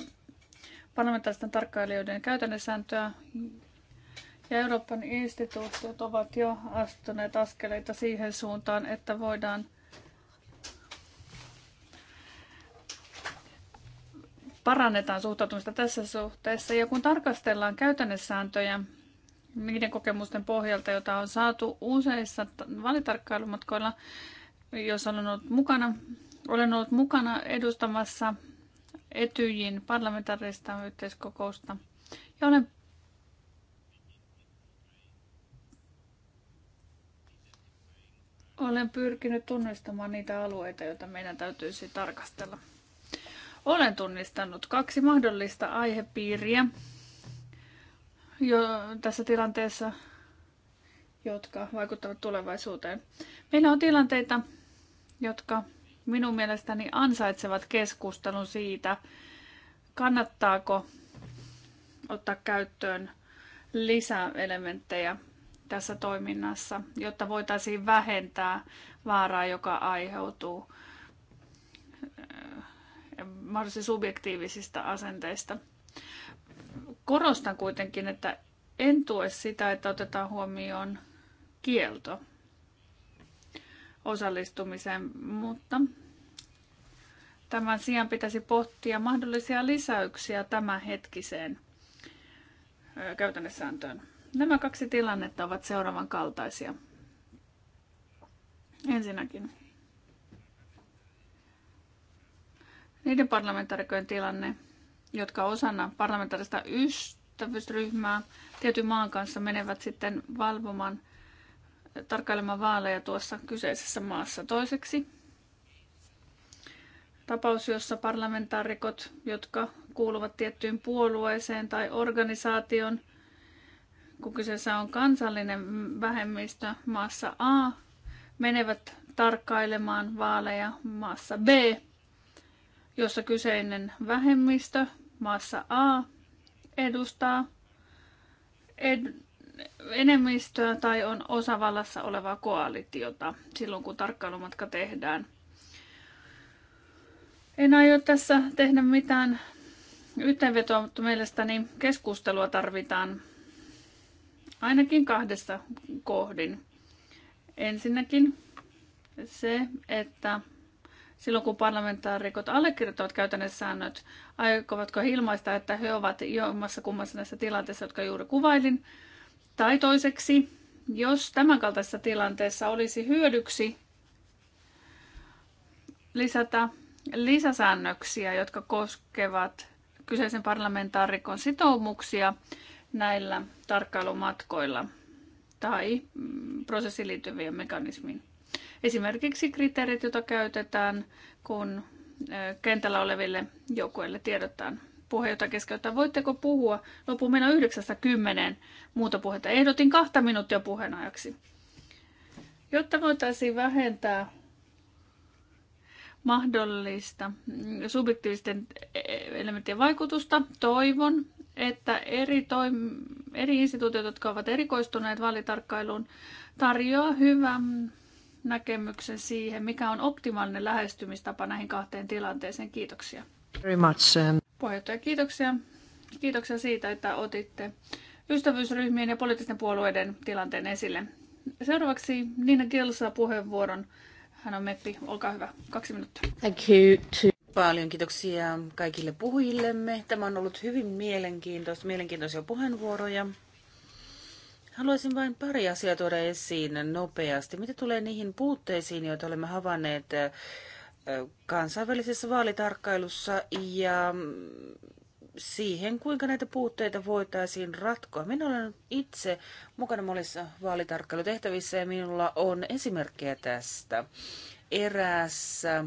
parlamentaaristen tarkkailijoiden sääntöä, ja Euroopan instituutiot ovat jo astuneet askeleita siihen suuntaan, että voidaan parannetaan suhtautumista tässä suhteessa. Ja kun tarkastellaan käytännössääntöjä niiden kokemusten pohjalta, joita on saatu useissa valitarkkailumatkoilla, jos olen ollut mukana, olen ollut mukana edustamassa Etyjin parlamentaarista yhteiskokousta ja olen Olen pyrkinyt tunnistamaan niitä alueita, joita meidän täytyisi tarkastella. Olen tunnistanut kaksi mahdollista aihepiiriä jo tässä tilanteessa, jotka vaikuttavat tulevaisuuteen. Meillä on tilanteita, jotka minun mielestäni ansaitsevat keskustelun siitä, kannattaako ottaa käyttöön lisäelementtejä tässä toiminnassa, jotta voitaisiin vähentää vaaraa, joka aiheutuu eh, mahdollisesti subjektiivisista asenteista. Korostan kuitenkin, että en tue sitä, että otetaan huomioon kielto osallistumiseen, mutta tämän sijaan pitäisi pohtia mahdollisia lisäyksiä tämänhetkiseen eh, käytännössääntöön. Nämä kaksi tilannetta ovat seuraavan kaltaisia. Ensinnäkin niiden parlamentaarikojen tilanne, jotka osana parlamentaarista ystävyysryhmää tietyn maan kanssa menevät sitten valvomaan, tarkkailemaan vaaleja tuossa kyseisessä maassa. Toiseksi tapaus, jossa parlamentaarikot, jotka kuuluvat tiettyyn puolueeseen tai organisaation, kun kyseessä on kansallinen vähemmistö maassa A, menevät tarkkailemaan vaaleja maassa B, jossa kyseinen vähemmistö maassa A edustaa ed- enemmistöä tai on osavallassa olevaa koalitiota silloin, kun tarkkailumatka tehdään. En aio tässä tehdä mitään yhteenvetoa, mutta mielestäni keskustelua tarvitaan Ainakin kahdesta kohdin. Ensinnäkin se, että silloin kun parlamentaarikot allekirjoittavat käytännössä säännöt, aikovatko he ilmaista, että he ovat jommassa kummassa näissä tilanteissa, jotka juuri kuvailin. Tai toiseksi, jos tämänkaltaisessa tilanteessa olisi hyödyksi lisätä lisäsäännöksiä, jotka koskevat kyseisen parlamentaarikon sitoumuksia näillä tarkkailumatkoilla tai mm, prosessiin liittyvien mekanismiin. Esimerkiksi kriteerit, joita käytetään, kun kentällä oleville joukkueille tiedotetaan puheenjohtaja keskeyttää. Voitteko puhua lopun meno 90 muuta puhetta? Ehdotin kahta minuuttia puheenajaksi. Jotta voitaisiin vähentää mahdollista mm, subjektiivisten e-, e-, elementtien vaikutusta, toivon, että eri, toim- eri instituutiot, jotka ovat erikoistuneet vaalitarkkailuun, tarjoaa hyvän näkemyksen siihen, mikä on optimaalinen lähestymistapa näihin kahteen tilanteeseen. Kiitoksia. Very much. Um, Puheenjohtaja, kiitoksia. Kiitoksia siitä, että otitte ystävyysryhmien ja poliittisten puolueiden tilanteen esille. Seuraavaksi Nina Gill saa puheenvuoron. Hän on Meppi. Olkaa hyvä. Kaksi minuuttia. Thank you to... Paljon kiitoksia kaikille puhujillemme. Tämä on ollut hyvin mielenkiintoista, mielenkiintoisia puheenvuoroja. Haluaisin vain pari asiaa tuoda esiin nopeasti. Mitä tulee niihin puutteisiin, joita olemme havainneet kansainvälisessä vaalitarkkailussa ja siihen, kuinka näitä puutteita voitaisiin ratkoa. Minä olen itse mukana monissa vaalitarkkailutehtävissä ja minulla on esimerkkejä tästä. Eräässä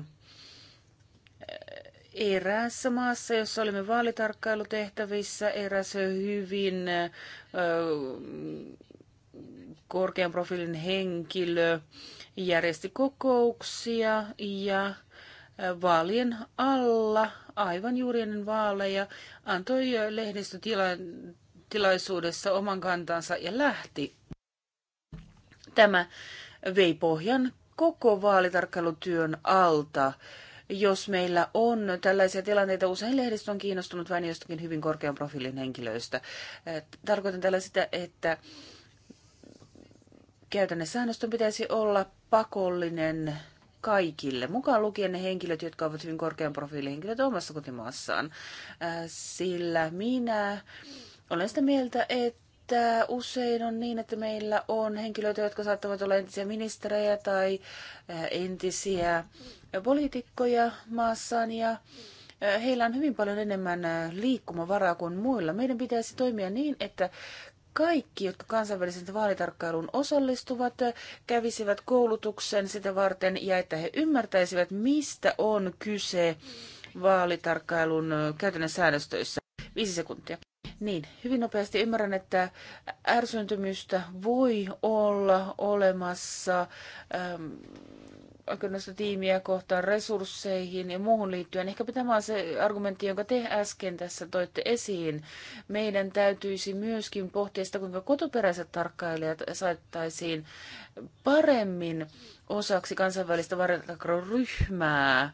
eräässä maassa, jossa olimme vaalitarkkailutehtävissä, eräs hyvin ö, korkean profiilin henkilö järjesti kokouksia ja vaalien alla, aivan juuri ennen vaaleja, antoi lehdistötilaisuudessa oman kantansa ja lähti. Tämä vei pohjan koko vaalitarkkailutyön alta jos meillä on tällaisia tilanteita. Usein lehdistö on kiinnostunut vain jostakin hyvin korkean profiilin henkilöistä. Tarkoitan tällä sitä, että käytännön säännöstön pitäisi olla pakollinen kaikille, mukaan lukien ne henkilöt, jotka ovat hyvin korkean profiilin henkilöt omassa kotimaassaan. Sillä minä olen sitä mieltä, että että usein on niin, että meillä on henkilöitä, jotka saattavat olla entisiä ministerejä tai eh, entisiä poliitikkoja maassaan ja eh, heillä on hyvin paljon enemmän eh, liikkumavaraa kuin muilla. Meidän pitäisi toimia niin, että kaikki, jotka kansainvälisen vaalitarkkailuun osallistuvat, kävisivät koulutuksen sitä varten ja että he ymmärtäisivät, mistä on kyse vaalitarkkailun käytännön säädöstöissä. Viisi sekuntia. Niin, hyvin nopeasti ymmärrän, että ärsyntymystä voi olla olemassa ähm, oikeudellista tiimiä kohtaan resursseihin ja muuhun liittyen. Ehkä tämä on se argumentti, jonka te äsken tässä toitte esiin. Meidän täytyisi myöskin pohtia sitä, kuinka kotoperäiset tarkkailijat saattaisiin paremmin osaksi kansainvälistä ryhmää.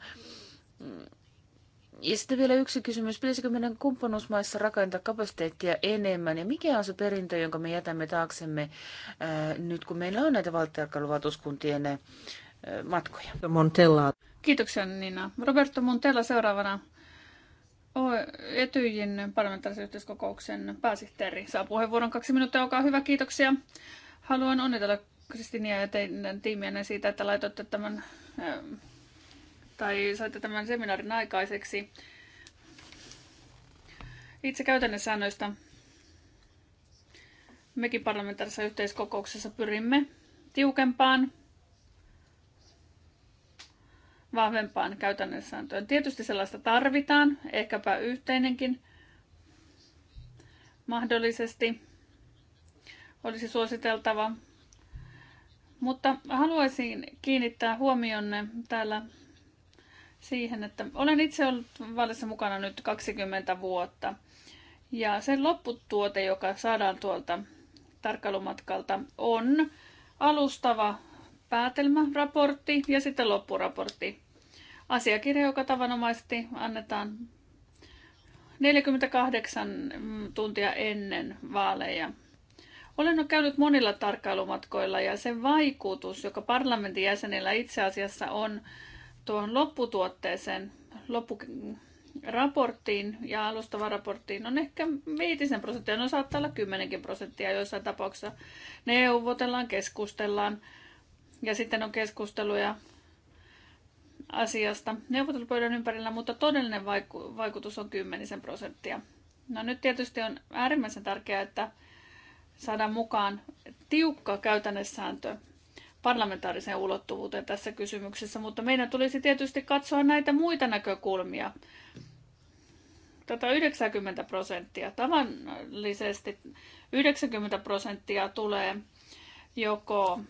Ja sitten vielä yksi kysymys. Pitäisikö meidän kumppanuusmaissa rakentaa kapasiteettia enemmän? Ja mikä on se perintö, jonka me jätämme taaksemme ää, äh, nyt, kun meillä on näitä valtiarkailuvaltuuskuntien ää, äh, matkoja? Montella. Kiitoksia Nina. Roberto Montella seuraavana. Etyjin parlamentaarisen yhteiskokouksen pääsihteeri saa puheenvuoron kaksi minuuttia. Olkaa hyvä, kiitoksia. Haluan onnitella Kristinia ja teidän tiimienne siitä, että laitoitte tämän ää, äh, tai saitte tämän seminaarin aikaiseksi. Itse käytännön säännöistä mekin parlamentaarisessa yhteiskokouksessa pyrimme tiukempaan, vahvempaan käytännön sääntöön. Tietysti sellaista tarvitaan, ehkäpä yhteinenkin mahdollisesti olisi suositeltava. Mutta haluaisin kiinnittää huomionne täällä siihen, että olen itse ollut vallissa mukana nyt 20 vuotta. Ja sen lopputuote, joka saadaan tuolta tarkkailumatkalta, on alustava päätelmäraportti ja sitten loppuraportti. Asiakirja, joka tavanomaisesti annetaan 48 tuntia ennen vaaleja. Olen käynyt monilla tarkkailumatkoilla ja se vaikutus, joka parlamentin jäsenillä itse asiassa on tuohon lopputuotteeseen, loppuraporttiin ja alustavaan raporttiin on ehkä 5 prosenttia, no saattaa olla 10 prosenttia joissain tapauksissa. Neuvotellaan, keskustellaan ja sitten on keskusteluja asiasta neuvottelupöydän ympärillä, mutta todellinen vaikutus on 10 prosenttia. No nyt tietysti on äärimmäisen tärkeää, että saadaan mukaan tiukka käytännössääntö parlamentaariseen ulottuvuuteen tässä kysymyksessä, mutta meidän tulisi tietysti katsoa näitä muita näkökulmia. Tätä 90 prosenttia, tavallisesti 90 prosenttia tulee joko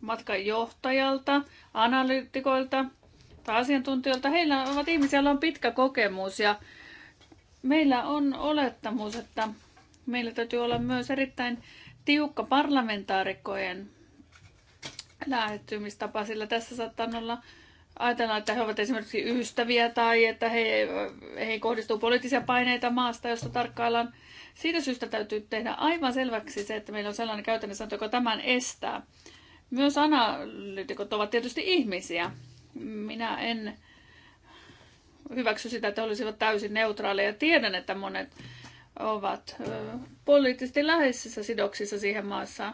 matkanjohtajalta, analyytikoilta tai asiantuntijoilta. Heillä ovat ihmisiä, joilla on pitkä kokemus ja meillä on olettamus, että meillä täytyy olla myös erittäin tiukka parlamentaarikkojen lähettymistapa, sillä tässä saattaa olla ajatellaan, että he ovat esimerkiksi ystäviä tai että he, heihin kohdistuu poliittisia paineita maasta, josta tarkkaillaan. Siitä syystä täytyy tehdä aivan selväksi se, että meillä on sellainen käytännön sääntö, joka tämän estää. Myös analyytikot ovat tietysti ihmisiä. Minä en hyväksy sitä, että olisivat täysin neutraaleja. Tiedän, että monet ovat poliittisesti läheisissä sidoksissa siihen maassa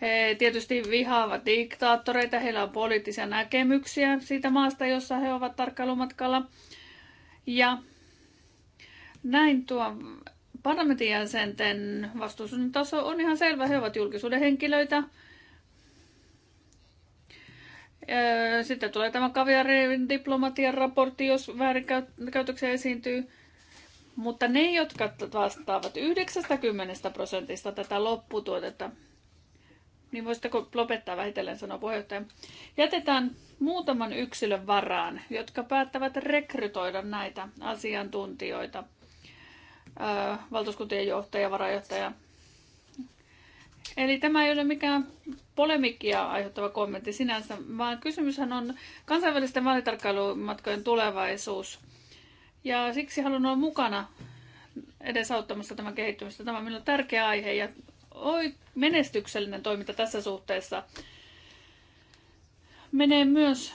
he tietysti vihaavat diktaattoreita, heillä on poliittisia näkemyksiä siitä maasta, jossa he ovat tarkkailumatkalla. Ja näin tuo parlamentin jäsenten vastuullinen taso on ihan selvä. He ovat julkisuuden henkilöitä. Sitten tulee tämä kaviarin diplomatian raportti, jos väärinkäytöksiä esiintyy. Mutta ne, jotka vastaavat 90 prosentista tätä lopputuotetta, niin voisitteko lopettaa vähitellen, sanoa puheenjohtaja. Jätetään muutaman yksilön varaan, jotka päättävät rekrytoida näitä asiantuntijoita. Öö, valtuuskuntien johtaja, varajohtaja. Eli tämä ei ole mikään polemikia aiheuttava kommentti sinänsä, vaan kysymyshän on kansainvälisten vaalitarkkailumatkojen tulevaisuus. Ja siksi haluan olla mukana edesauttamassa tämän kehittymistä. Tämä on minulle tärkeä aihe ja menestyksellinen toiminta tässä suhteessa menee myös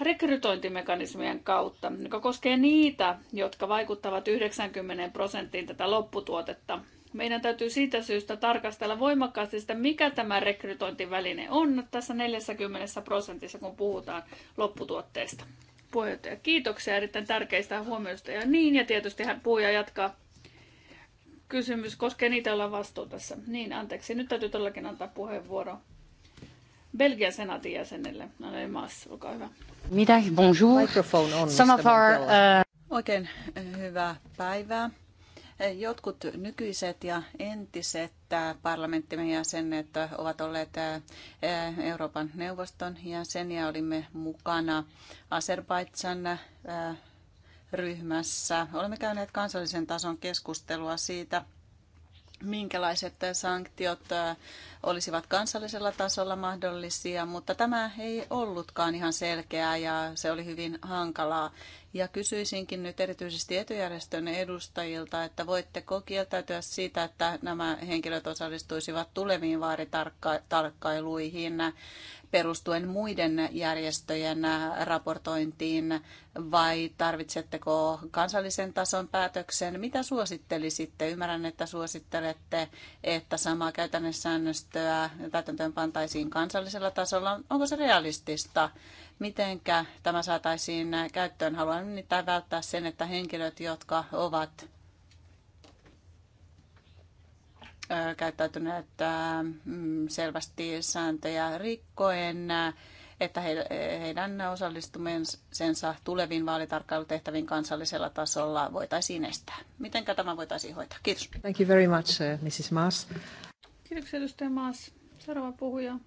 rekrytointimekanismien kautta, joka koskee niitä, jotka vaikuttavat 90 prosenttiin tätä lopputuotetta. Meidän täytyy siitä syystä tarkastella voimakkaasti sitä, mikä tämä rekrytointiväline on tässä 40 prosentissa, kun puhutaan lopputuotteesta. Puheenjohtaja, kiitoksia erittäin tärkeistä huomioista ja niin, ja tietysti hän puhuja jatkaa kysymys koskee niitä, joilla vastuu tässä. Niin, anteeksi, nyt täytyy todellakin antaa puheenvuoro Belgian senaatin jäsenelle. Anne no Maas, olkaa hyvä. Mitä, bonjour. Microphone on, Some of our, uh... Oikein eh, hyvää päivää. Eh, jotkut nykyiset ja entiset eh, parlamenttimme jäsenet ovat olleet Euroopan neuvoston jäseniä. Olimme mukana Azerbaidsan ryhmässä. Olemme käyneet kansallisen tason keskustelua siitä, minkälaiset sanktiot olisivat kansallisella tasolla mahdollisia, mutta tämä ei ollutkaan ihan selkeää ja se oli hyvin hankalaa. Ja kysyisinkin nyt erityisesti etujärjestön edustajilta, että voitteko kieltäytyä siitä, että nämä henkilöt osallistuisivat tuleviin vaaritarkkailuihin perustuen muiden järjestöjen raportointiin vai tarvitsetteko kansallisen tason päätöksen? Mitä suosittelisitte? Ymmärrän, että suosittelette, että samaa käytännössäännöstöä täytäntöön pantaisiin kansallisella tasolla. Onko se realistista? Mitenkä tämä saataisiin käyttöön? Haluan nimittäin välttää sen, että henkilöt, jotka ovat käyttäytyneet mm, selvästi sääntöjä rikkoen, että heidän osallistumisensa tuleviin vaalitarkkailutehtäviin kansallisella tasolla voitaisiin estää. Miten tämä voitaisiin hoitaa? Kiitos. Thank you very much, uh, Mrs. Maas. Kiitoksia, edustaja Maas. Seuraava puhuja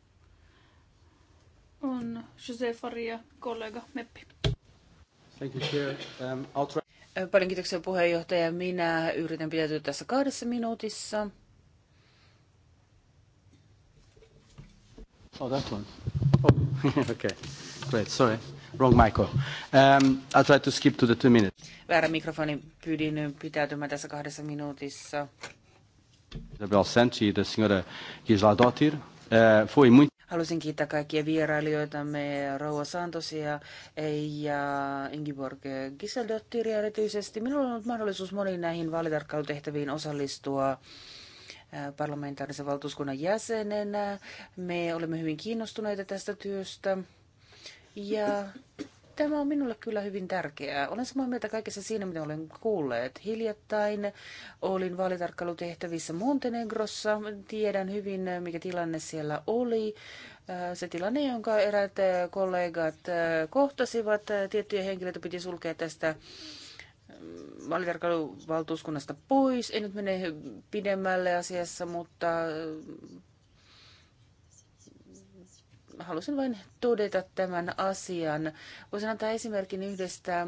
on Jose Faria, kollega Meppi. Thank you, Chair. Um, I'll try... Paljon kiitoksia puheenjohtaja. Minä yritän pitäytyä tässä kahdessa minuutissa. Oh, that one. Oh. okay. Great. Sorry. Wrong micro. Um, I'll try to skip to the two minutes. Väärä mikrofoni. Pyydin pitäytymään tässä kahdessa minuutissa. Isabel Sanchi e da senhora Gisela Dottir. Uh, muito... Haluaisin kiittää kaikkia vierailijoitamme, Rouva Santosia ja Ingeborg Giseldottiria erityisesti. Minulla on ollut mahdollisuus moniin näihin vaalitarkkailutehtäviin osallistua parlamentaarisen valtuuskunnan jäsenenä. Me olemme hyvin kiinnostuneita tästä työstä. Ja tämä on minulle kyllä hyvin tärkeää. Olen samaa mieltä kaikessa siinä, mitä olen kuulleet. Hiljattain olin vaalitarkkailutehtävissä Montenegrossa. Tiedän hyvin, mikä tilanne siellä oli. Äh, se tilanne, jonka eräät kollegat äh, kohtasivat, äh, tiettyjä henkilöitä piti sulkea tästä vaalitarkkailuvaltuuskunnasta pois. En nyt mene pidemmälle asiassa, mutta äh, halusin vain todeta tämän asian. Voisin antaa esimerkin yhdestä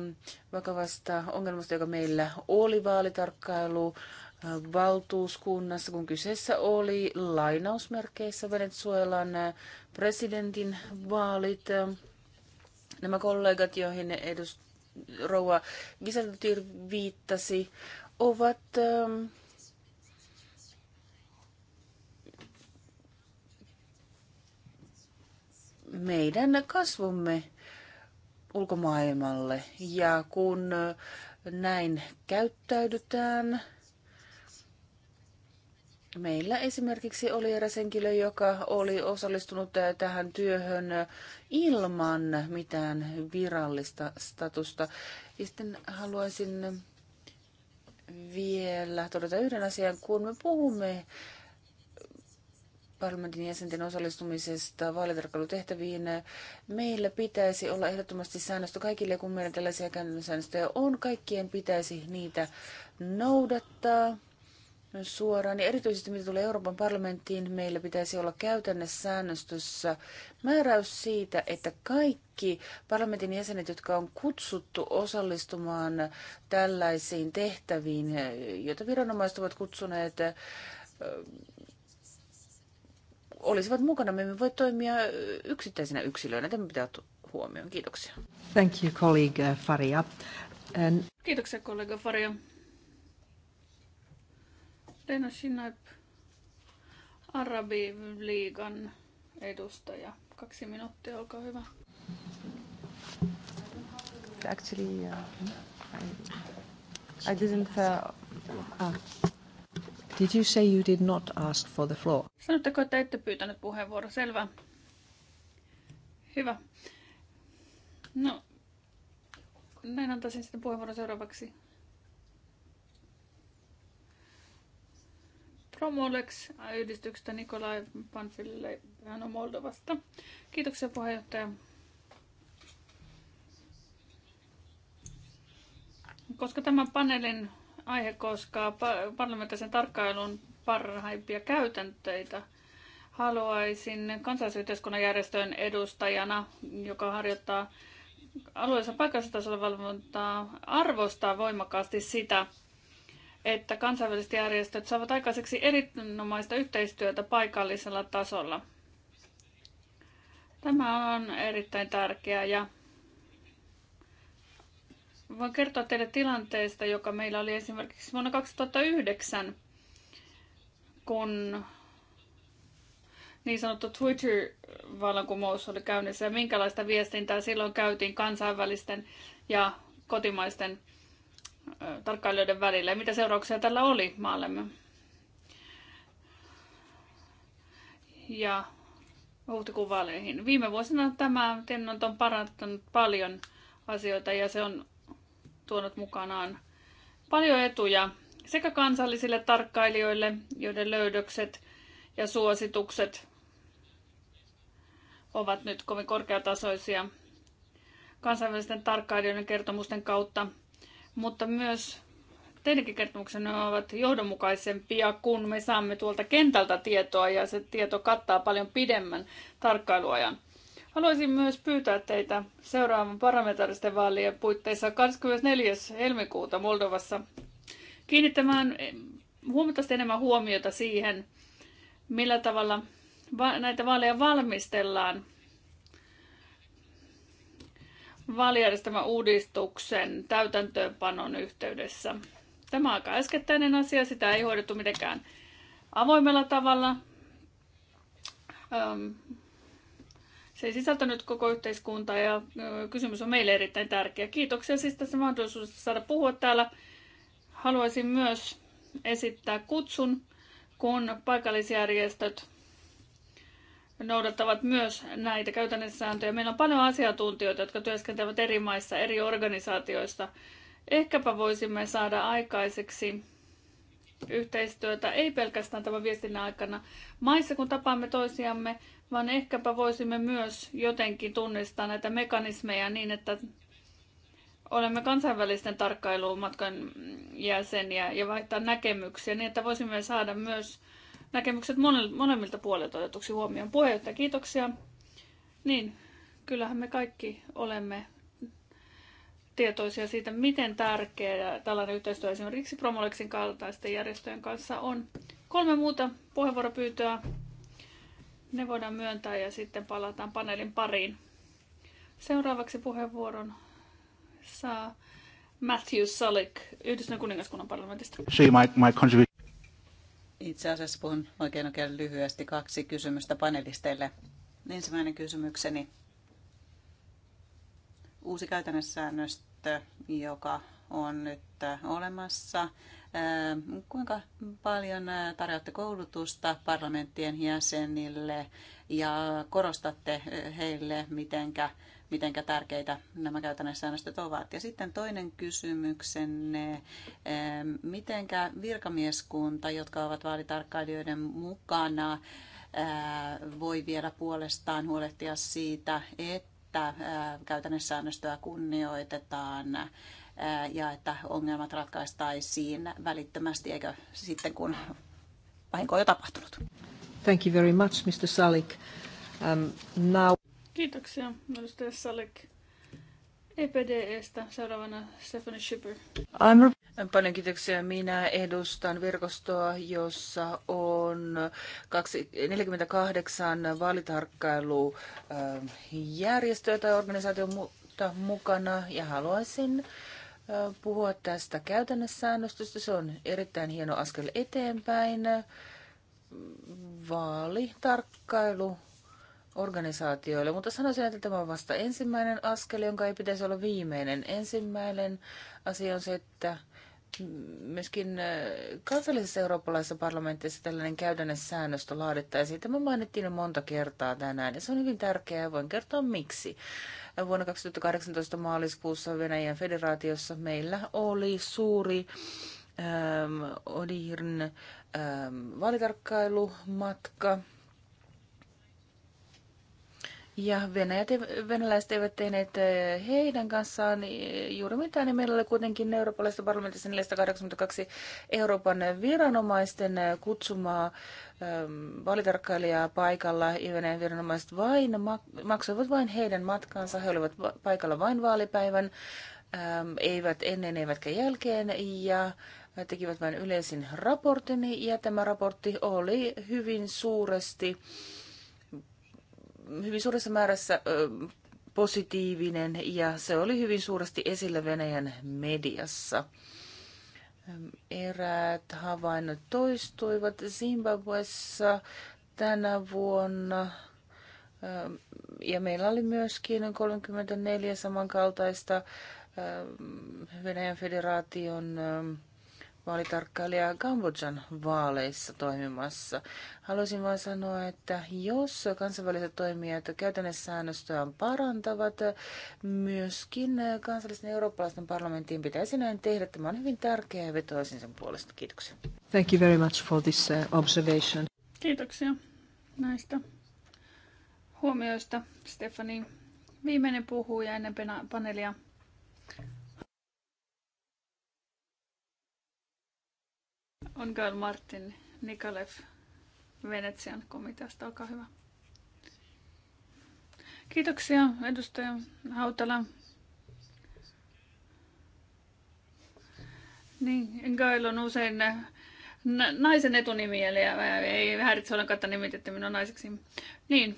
vakavasta ongelmasta, joka meillä oli vaalitarkkailu äh, valtuuskunnassa, kun kyseessä oli lainausmerkeissä Venezuelan äh, presidentin vaalit. Nämä kollegat, joihin edust- rouva Giseltyr viittasi, ovat ähm, meidän kasvumme ulkomaailmalle. Ja kun äh, näin käyttäydytään, Meillä esimerkiksi oli eräs henkilö, joka oli osallistunut tähän työhön ilman mitään virallista statusta. Ja sitten haluaisin vielä todeta yhden asian, kun me puhumme parlamentin jäsenten osallistumisesta vaalitarkkailutehtäviin. Meillä pitäisi olla ehdottomasti säännöstö kaikille, kun meillä tällaisia käytännön säännöstöjä on. Kaikkien pitäisi niitä noudattaa suoraan, niin erityisesti mitä tulee Euroopan parlamenttiin, meillä pitäisi olla käytännössä säännöstössä määräys siitä, että kaikki parlamentin jäsenet, jotka on kutsuttu osallistumaan tällaisiin tehtäviin, joita viranomaiset ovat kutsuneet, olisivat mukana. Me emme voi toimia yksittäisinä yksilöinä. Tämä pitää ottaa huomioon. Kiitoksia. Thank you, colleague uh, Faria. And... Kiitoksia, kollega Faria. Lena Arabi Liigan edustaja. Kaksi minuuttia, olkaa hyvä. Actually, uh, I, I didn't... Uh, uh, Did you say you did not ask for the floor? Sanotteko, että ette pyytänyt puheenvuoro? Selvä. Hyvä. No, näin antaisin sitten puheenvuoron seuraavaksi Promolex-yhdistyksestä Nikolai Panfille hän on Moldovasta. Kiitoksia puheenjohtaja. Koska tämän paneelin aihe koskaa parlamentaarisen tarkkailun parhaimpia käytänteitä, haluaisin kansalaisyhteiskunnan järjestöjen edustajana, joka harjoittaa alueellisen tasolla valvontaa, arvostaa voimakkaasti sitä, että kansainväliset järjestöt saavat aikaiseksi erinomaista yhteistyötä paikallisella tasolla. Tämä on erittäin tärkeää ja voin kertoa teille tilanteesta, joka meillä oli esimerkiksi vuonna 2009, kun niin sanottu Twitter-vallankumous oli käynnissä ja minkälaista viestintää silloin käytiin kansainvälisten ja kotimaisten tarkkailijoiden välillä ja mitä seurauksia tällä oli maallemme. Ja huhtikuun vaaleihin. Viime vuosina tämä tennant on parantanut paljon asioita ja se on tuonut mukanaan paljon etuja sekä kansallisille tarkkailijoille, joiden löydökset ja suositukset ovat nyt kovin korkeatasoisia kansainvälisten tarkkailijoiden kertomusten kautta – mutta myös teidänkin kertomuksenne ovat johdonmukaisempia, kun me saamme tuolta kentältä tietoa ja se tieto kattaa paljon pidemmän tarkkailuajan. Haluaisin myös pyytää teitä seuraavan parlamentaaristen vaalien puitteissa 24. helmikuuta Moldovassa kiinnittämään huomattavasti enemmän huomiota siihen, millä tavalla näitä vaaleja valmistellaan vaalijärjestelmän uudistuksen täytäntöönpanon yhteydessä. Tämä on aika äskettäinen asia, sitä ei hoidettu mitenkään avoimella tavalla. Se ei sisältänyt koko yhteiskuntaa ja kysymys on meille erittäin tärkeä. Kiitoksia siis tästä mahdollisuudesta saada puhua täällä. Haluaisin myös esittää kutsun, kun paikallisjärjestöt noudattavat myös näitä käytännön sääntöjä. Meillä on paljon asiantuntijoita, jotka työskentelevät eri maissa, eri organisaatioista. Ehkäpä voisimme saada aikaiseksi yhteistyötä, ei pelkästään tämän viestinnän aikana maissa, kun tapaamme toisiamme, vaan ehkäpä voisimme myös jotenkin tunnistaa näitä mekanismeja niin, että olemme kansainvälisten tarkkailumatkan jäseniä ja vaihtaa näkemyksiä niin, että voisimme saada myös näkemykset molemmilta puolilta otetuksi huomioon. Puheenjohtaja, kiitoksia. Niin, kyllähän me kaikki olemme tietoisia siitä, miten tärkeää tällainen yhteistyö esimerkiksi Promolexin kaltaisten järjestöjen kanssa on. Kolme muuta puheenvuoropyyntöä. Ne voidaan myöntää ja sitten palataan paneelin pariin. Seuraavaksi puheenvuoron saa Matthew Salik Yhdistyneen kuningaskunnan parlamentista. my, my itse asiassa puhun oikein oikein lyhyesti kaksi kysymystä panelisteille. Ensimmäinen kysymykseni. Uusi käytännössäännöstö, joka on nyt olemassa. Kuinka paljon tarjoatte koulutusta parlamenttien jäsenille ja korostatte heille, mitenkä miten tärkeitä nämä käytännön säännöstöt ovat. Ja sitten toinen kysymyksenne, miten virkamieskunta, jotka ovat vaalitarkkailijoiden mukana, voi vielä puolestaan huolehtia siitä, että käytännön säännöstöä kunnioitetaan ja että ongelmat ratkaistaisiin välittömästi, eikö sitten kun vahinko on jo tapahtunut. Thank you very much, Mr. Salik. Um, now... Kiitoksia, edustaja Salek. EPDEstä seuraavana Stephanie Schipper. I'm... Paljon kiitoksia. Minä edustan verkostoa, jossa on 48 vaalitarkkailujärjestöä tai organisaatiota mukana ja haluaisin puhua tästä säännöstöstä. Se on erittäin hieno askel eteenpäin. Vaalitarkkailu organisaatioille. Mutta sanoisin, että tämä on vasta ensimmäinen askel, jonka ei pitäisi olla viimeinen. Ensimmäinen asia on se, että myöskin äh, kansallisessa eurooppalaisessa parlamentissa tällainen käytännön säännöstö laadittaisiin. Tämä mainittiin jo monta kertaa tänään ja se on hyvin tärkeää ja voin kertoa miksi. Vuonna 2018 maaliskuussa Venäjän federaatiossa meillä oli suuri ähm, Odihirn ähm, vaalitarkkailumatka. Ja Venäjät, venäläiset eivät tehneet eh, heidän kanssaan eh, juuri mitään, niin meillä oli kuitenkin eurooppalaisessa parlamentissa 482 Euroopan viranomaisten eh, kutsumaa ehm, vaalitarkkailijaa paikalla, Venäjän viranomaiset vain maksoivat vain heidän matkaansa, he olivat paikalla vain vaalipäivän, ehm, eivät ennen eivätkä jälkeen, ja tekivät vain yleisin raportin, ja tämä raportti oli hyvin suuresti hyvin suuressa määrässä positiivinen ja se oli hyvin suuresti esillä Venäjän mediassa. Eräät havainnot toistuivat Zimbabwessa tänä vuonna. Ja meillä oli myöskin 34 samankaltaista Venäjän federaation vaalitarkkailija Kambodjan vaaleissa toimimassa. Haluaisin vain sanoa, että jos kansainväliset toimijat käytännössä säännöstöään parantavat, myöskin kansallisten eurooppalaisten parlamenttiin pitäisi näin tehdä. Tämä on hyvin tärkeää ja vetoisin sen puolesta. Kiitoksia. Thank you very much for this uh, observation. Kiitoksia näistä huomioista, Stefani. Viimeinen puhuja ennen paneelia on Gail Martin Nikalev Venetsian komiteasta. Olkaa hyvä. Kiitoksia edustaja Hautala. Niin, Gail on usein naisen etunimi, eli ei häiritse ollenkaan, että nimitetty minua naiseksi. Niin,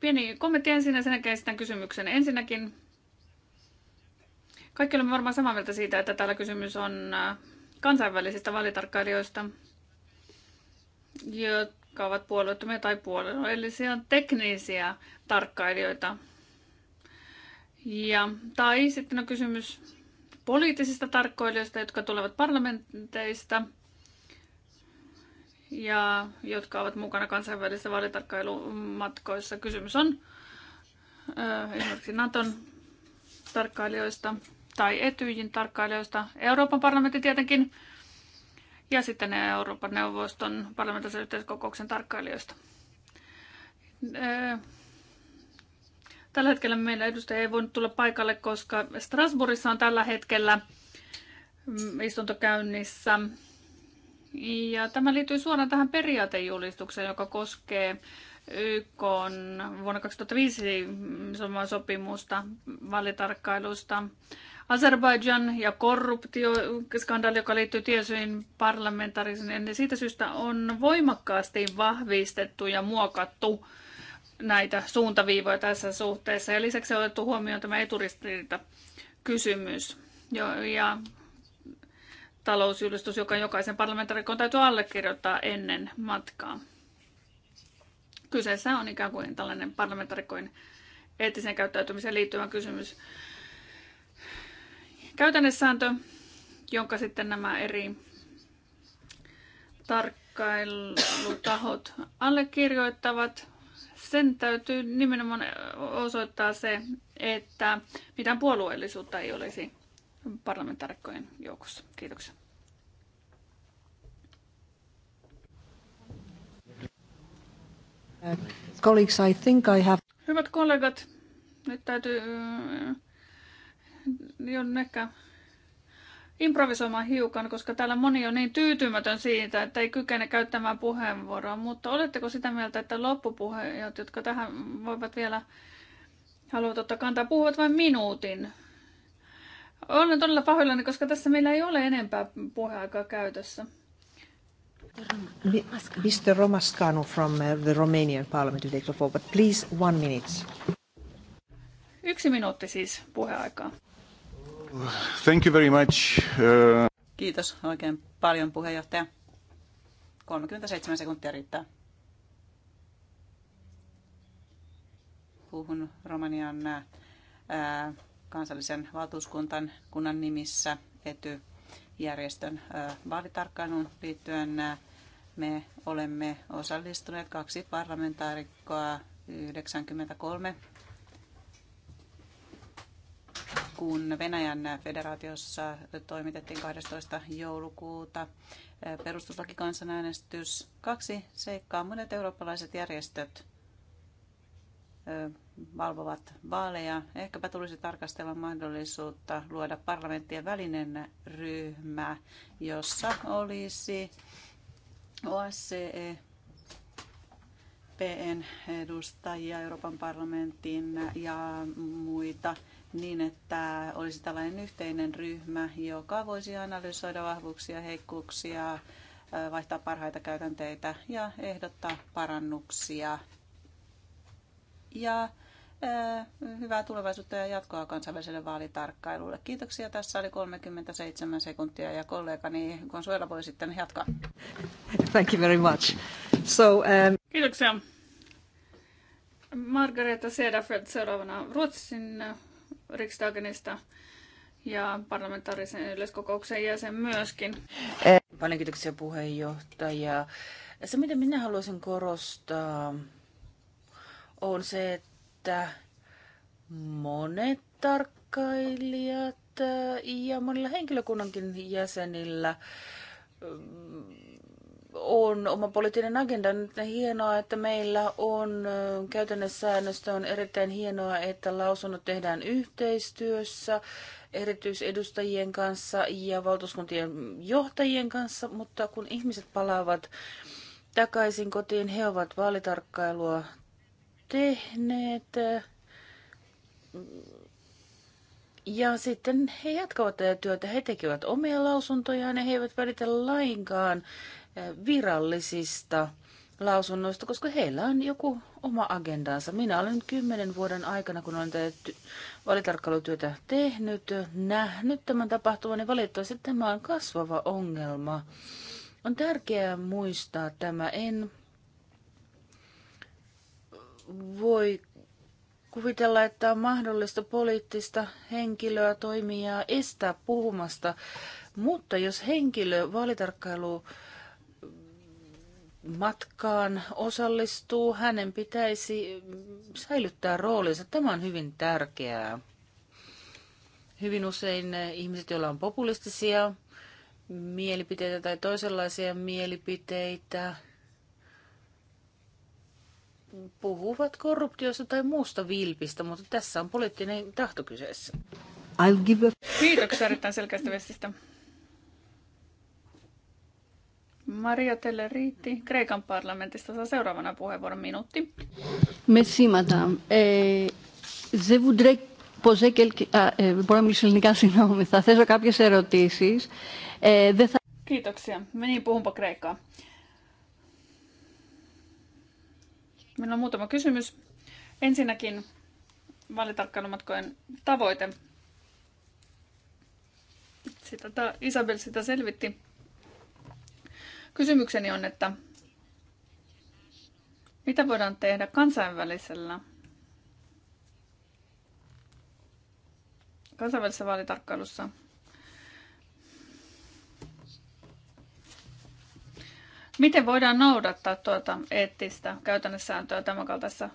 pieni kommentti ensin ja sen jälkeen esitän kysymyksen. Ensinnäkin kaikki olemme varmaan samaa mieltä siitä, että täällä kysymys on äh, kansainvälisistä vaalitarkkailijoista, jotka ovat puolueettomia tai puolueellisia teknisiä tarkkailijoita. Ja, tai sitten on kysymys poliittisista tarkkailijoista, jotka tulevat parlamenteista ja jotka ovat mukana kansainvälisissä vaalitarkkailumatkoissa. Kysymys on ö, esimerkiksi Naton tarkkailijoista tai etyjin tarkkailijoista, Euroopan parlamentti tietenkin, ja sitten Euroopan neuvoston parlamentaarisen yhteiskokouksen tarkkailijoista. Tällä hetkellä meillä edustaja ei voinut tulla paikalle, koska Strasbourgissa on tällä hetkellä mm, istunto käynnissä. Ja tämä liittyy suoraan tähän periaatejulistukseen, joka koskee YK on vuonna 2005 samaa sopimusta vaalitarkkailusta. Azerbaidžan ja korruptioskandaali, joka liittyy tiettyihin parlamentaarisen, niin siitä syystä on voimakkaasti vahvistettu ja muokattu näitä suuntaviivoja tässä suhteessa. Ja lisäksi on otettu huomioon tämä eturistiriita kysymys ja talousjulistus, joka jokaisen parlamentaarikon täytyy allekirjoittaa ennen matkaa. Kyseessä on ikään kuin tällainen parlamentarikoin eettiseen käyttäytymiseen liittyvä kysymys. Käytännössääntö, jonka sitten nämä eri tarkkailutahot allekirjoittavat, sen täytyy nimenomaan osoittaa se, että mitään puolueellisuutta ei olisi parlamentaarikkojen joukossa. Kiitoksia. Uh, colleagues, I think I have... Hyvät kollegat, nyt täytyy uh, jonneka improvisoimaan hiukan, koska täällä moni on niin tyytymätön siitä, että ei kykene käyttämään puheenvuoroa. Mutta oletteko sitä mieltä, että loppupuheet, jotka tähän voivat vielä haluat ottaa kantaa, puhuvat vain minuutin? Olen todella pahoillani, koska tässä meillä ei ole enempää puheaikaa käytössä. Mr. Romascanu from uh, the Romanian Parliament will take the floor, but please one minute. Yksi minuutti siis puheaikaa. Thank you very much. Uh, Kiitos oikein paljon puheenjohtaja. 37 sekuntia riittää. Puhun Romanian ää, uh, kansallisen valtuuskunnan kunnan nimissä ety järjestön vaalitarkkailuun liittyen me olemme osallistuneet kaksi parlamentaarikkoa 93 kun Venäjän federaatiossa toimitettiin 12. joulukuuta perustuslakikansanäänestys. Kaksi seikkaa. Monet eurooppalaiset järjestöt valvovat vaaleja. Ehkäpä tulisi tarkastella mahdollisuutta luoda parlamenttien välinen ryhmä, jossa olisi OSCE, PN edustajia Euroopan parlamenttiin ja muita niin, että olisi tällainen yhteinen ryhmä, joka voisi analysoida vahvuuksia, heikkuuksia, vaihtaa parhaita käytänteitä ja ehdottaa parannuksia. Ja hyvää tulevaisuutta ja jatkoa kansainväliselle vaalitarkkailulle. Kiitoksia. Tässä oli 37 sekuntia ja kollegani Konsuela voi sitten jatkaa. Thank you very much. So, um... Kiitoksia. Margareta Cederfeldt seuraavana Ruotsin riksdagenista ja parlamentaarisen yleiskokouksen jäsen myöskin. Eh, paljon kiitoksia puheenjohtaja. Se, mitä minä haluaisin korostaa, on se, että että monet tarkkailijat äh, ja monilla henkilökunnankin jäsenillä äh, on oma poliittinen agenda. Nyt hienoa, että meillä on äh, säännöstä On erittäin hienoa, että lausunnot tehdään yhteistyössä erityisedustajien kanssa ja valtuuskuntien johtajien kanssa, mutta kun ihmiset palaavat takaisin kotiin, he ovat vaalitarkkailua tehneet. Ja sitten he jatkavat tätä työtä. He tekevät omia lausuntojaan ja he eivät välitä lainkaan eh, virallisista lausunnoista, koska heillä on joku oma agendansa. Minä olen kymmenen vuoden aikana, kun olen tätä valitarkkailutyötä tehnyt, nähnyt tämän tapahtuvan, ja niin valitettavasti tämä on kasvava ongelma. On tärkeää muistaa tämä. En voi kuvitella, että on mahdollista poliittista henkilöä toimijaa estää puhumasta, mutta jos henkilö vaalitarkkailu matkaan osallistuu, hänen pitäisi säilyttää roolinsa. Tämä on hyvin tärkeää. Hyvin usein ihmiset, joilla on populistisia mielipiteitä tai toisenlaisia mielipiteitä, puhuvat korruptiosta tai muusta vilpistä, mutta tässä on poliittinen tahto kyseessä. I'll give a... Kiitoksia erittäin selkeästä viestistä. Maria Teller Riitti Kreikan parlamentista saa seuraavana puheenvuoron minuutti. Merci madame. Eh, je voudrais poser quelques... Ah, eh, μπορώ να μιλήσω ελληνικά, συγγνώμη. Θα θέσω κάποιες ερωτήσεις. Eh, θα... Kiitoksia. Menin puhunpa Kreikkaa. Minulla on muutama kysymys. Ensinnäkin vaalitarkkailumatkojen tavoite. Sitä, Isabel sitä selvitti. Kysymykseni on, että mitä voidaan tehdä kansainvälisellä kansainvälisessä vaalitarkkailussa – Miten voidaan noudattaa tuota eettistä käytännössääntöä tämänkaltaisessa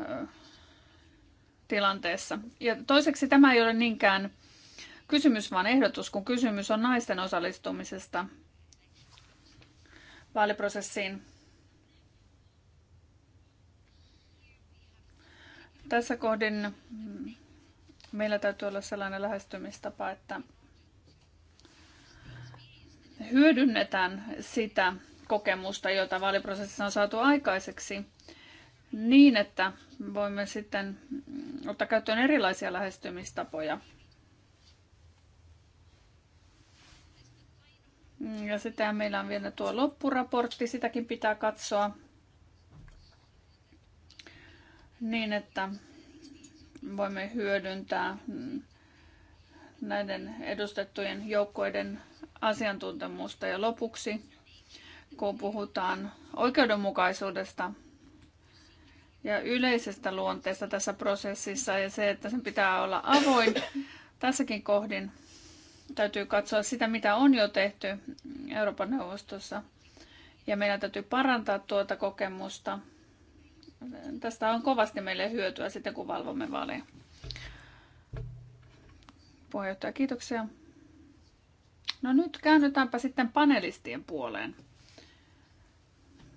ö, tilanteessa? Ja toiseksi tämä ei ole niinkään kysymys, vaan ehdotus, kun kysymys on naisten osallistumisesta vaaliprosessiin. Tässä kohdin mm, meillä täytyy olla sellainen lähestymistapa, että hyödynnetään sitä kokemusta, jota vaaliprosessissa on saatu aikaiseksi, niin että voimme sitten ottaa käyttöön erilaisia lähestymistapoja. Ja sitä meillä on vielä tuo loppuraportti, sitäkin pitää katsoa niin, että voimme hyödyntää näiden edustettujen joukkoiden asiantuntemusta. Ja lopuksi, kun puhutaan oikeudenmukaisuudesta ja yleisestä luonteesta tässä prosessissa ja se, että sen pitää olla avoin, tässäkin kohdin täytyy katsoa sitä, mitä on jo tehty Euroopan neuvostossa. Ja meidän täytyy parantaa tuota kokemusta. Tästä on kovasti meille hyötyä sitten, kun valvomme vaaleja. Puheenjohtaja, kiitoksia. No nyt käännytäänpä sitten panelistien puoleen.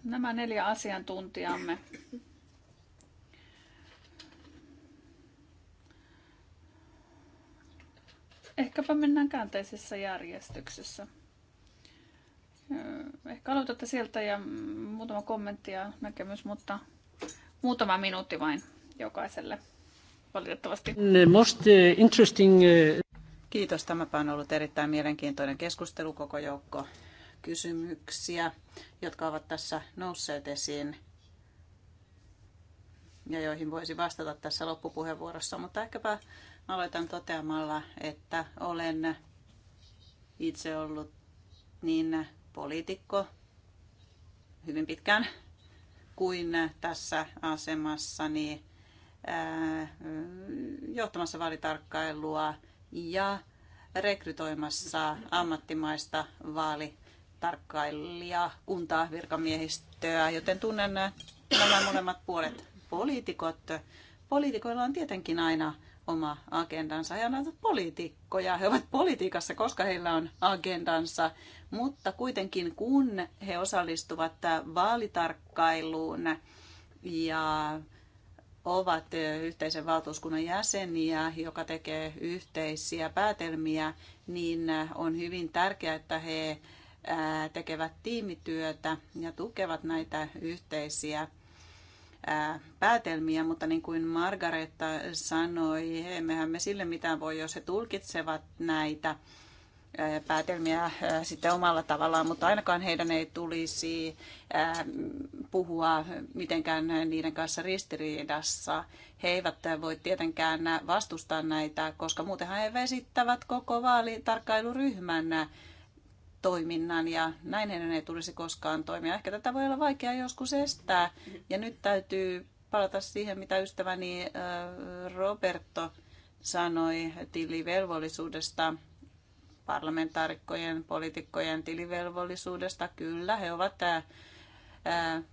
Nämä neljä asiantuntijamme. Ehkäpä mennään käänteisessä järjestyksessä. Öö, ehkä aloitatte sieltä ja muutama kommentti ja näkemys, mutta muutama minuutti vain jokaiselle valitettavasti. Most uh, interesting uh, Kiitos. Tämä on ollut erittäin mielenkiintoinen keskustelu, koko joukko kysymyksiä, jotka ovat tässä nousseet esiin ja joihin voisi vastata tässä loppupuheenvuorossa, mutta ehkäpä aloitan toteamalla, että olen itse ollut niin poliitikko hyvin pitkään kuin tässä asemassani johtamassa vaalitarkkailua – ja rekrytoimassa ammattimaista vaalitarkkailijaa, kuntaa, virkamiehistöä, joten tunnen nämä molemmat puolet poliitikot. Poliitikoilla on tietenkin aina oma agendansa. ja näitä poliitikkoja, he ovat politiikassa, koska heillä on agendansa. Mutta kuitenkin kun he osallistuvat vaalitarkkailuun ja ovat yhteisen valtuuskunnan jäseniä, joka tekee yhteisiä päätelmiä, niin on hyvin tärkeää, että he tekevät tiimityötä ja tukevat näitä yhteisiä päätelmiä, mutta niin kuin Margareta sanoi, emmehän me sille mitään voi, jos he tulkitsevat näitä päätelmiä sitten omalla tavallaan, mutta ainakaan heidän ei tulisi puhua mitenkään niiden kanssa ristiriidassa. He eivät voi tietenkään vastustaa näitä, koska muutenhan he vesittävät koko vaalitarkkailuryhmän toiminnan ja näin heidän ei tulisi koskaan toimia. Ehkä tätä voi olla vaikea joskus estää ja nyt täytyy palata siihen, mitä ystäväni Roberto sanoi tilivelvollisuudesta. velvollisuudesta parlamentaarikkojen, poliitikkojen tilivelvollisuudesta. Kyllä, he ovat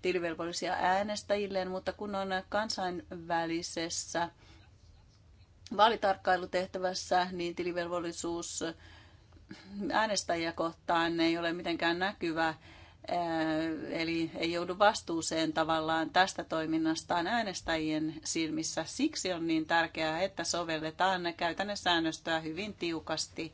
tilivelvollisia äänestäjilleen, mutta kun on kansainvälisessä vaalitarkkailutehtävässä, niin tilivelvollisuus äänestäjiä kohtaan ei ole mitenkään näkyvä, eli ei joudu vastuuseen tavallaan tästä toiminnastaan äänestäjien silmissä. Siksi on niin tärkeää, että sovelletaan käytännön säännöstöä hyvin tiukasti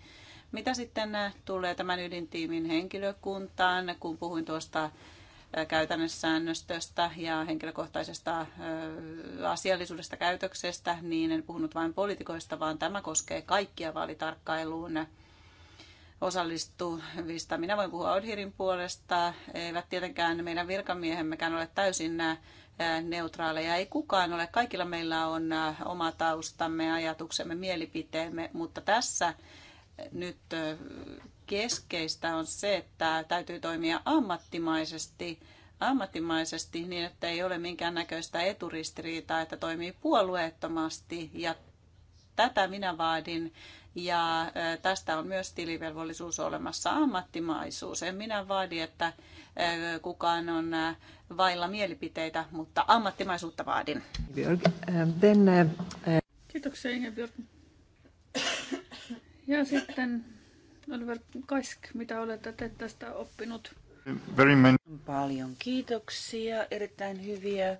mitä sitten äh, tulee tämän ydintiimin henkilökuntaan, kun puhuin tuosta äh, käytännössä säännöstöstä ja henkilökohtaisesta äh, asiallisuudesta käytöksestä, niin en puhunut vain poliitikoista, vaan tämä koskee kaikkia vaalitarkkailuun osallistuvista. Minä voin puhua Odhirin puolesta. Eivät tietenkään meidän virkamiehemmekään ole täysin neutraaleja. Ei kukaan ole. Kaikilla meillä on oma taustamme, ajatuksemme, mielipiteemme, mutta tässä nyt keskeistä on se, että täytyy toimia ammattimaisesti, ammattimaisesti niin, että ei ole minkäännäköistä eturistiriitaa, että toimii puolueettomasti ja tätä minä vaadin. Ja tästä on myös tilivelvollisuus olemassa ammattimaisuus. En minä vaadi, että kukaan on vailla mielipiteitä, mutta ammattimaisuutta vaadin. Kiitoksia Ingeborg. Ja sitten Oliver Kaisk, mitä olette tästä oppinut? Very many. Paljon kiitoksia, erittäin hyviä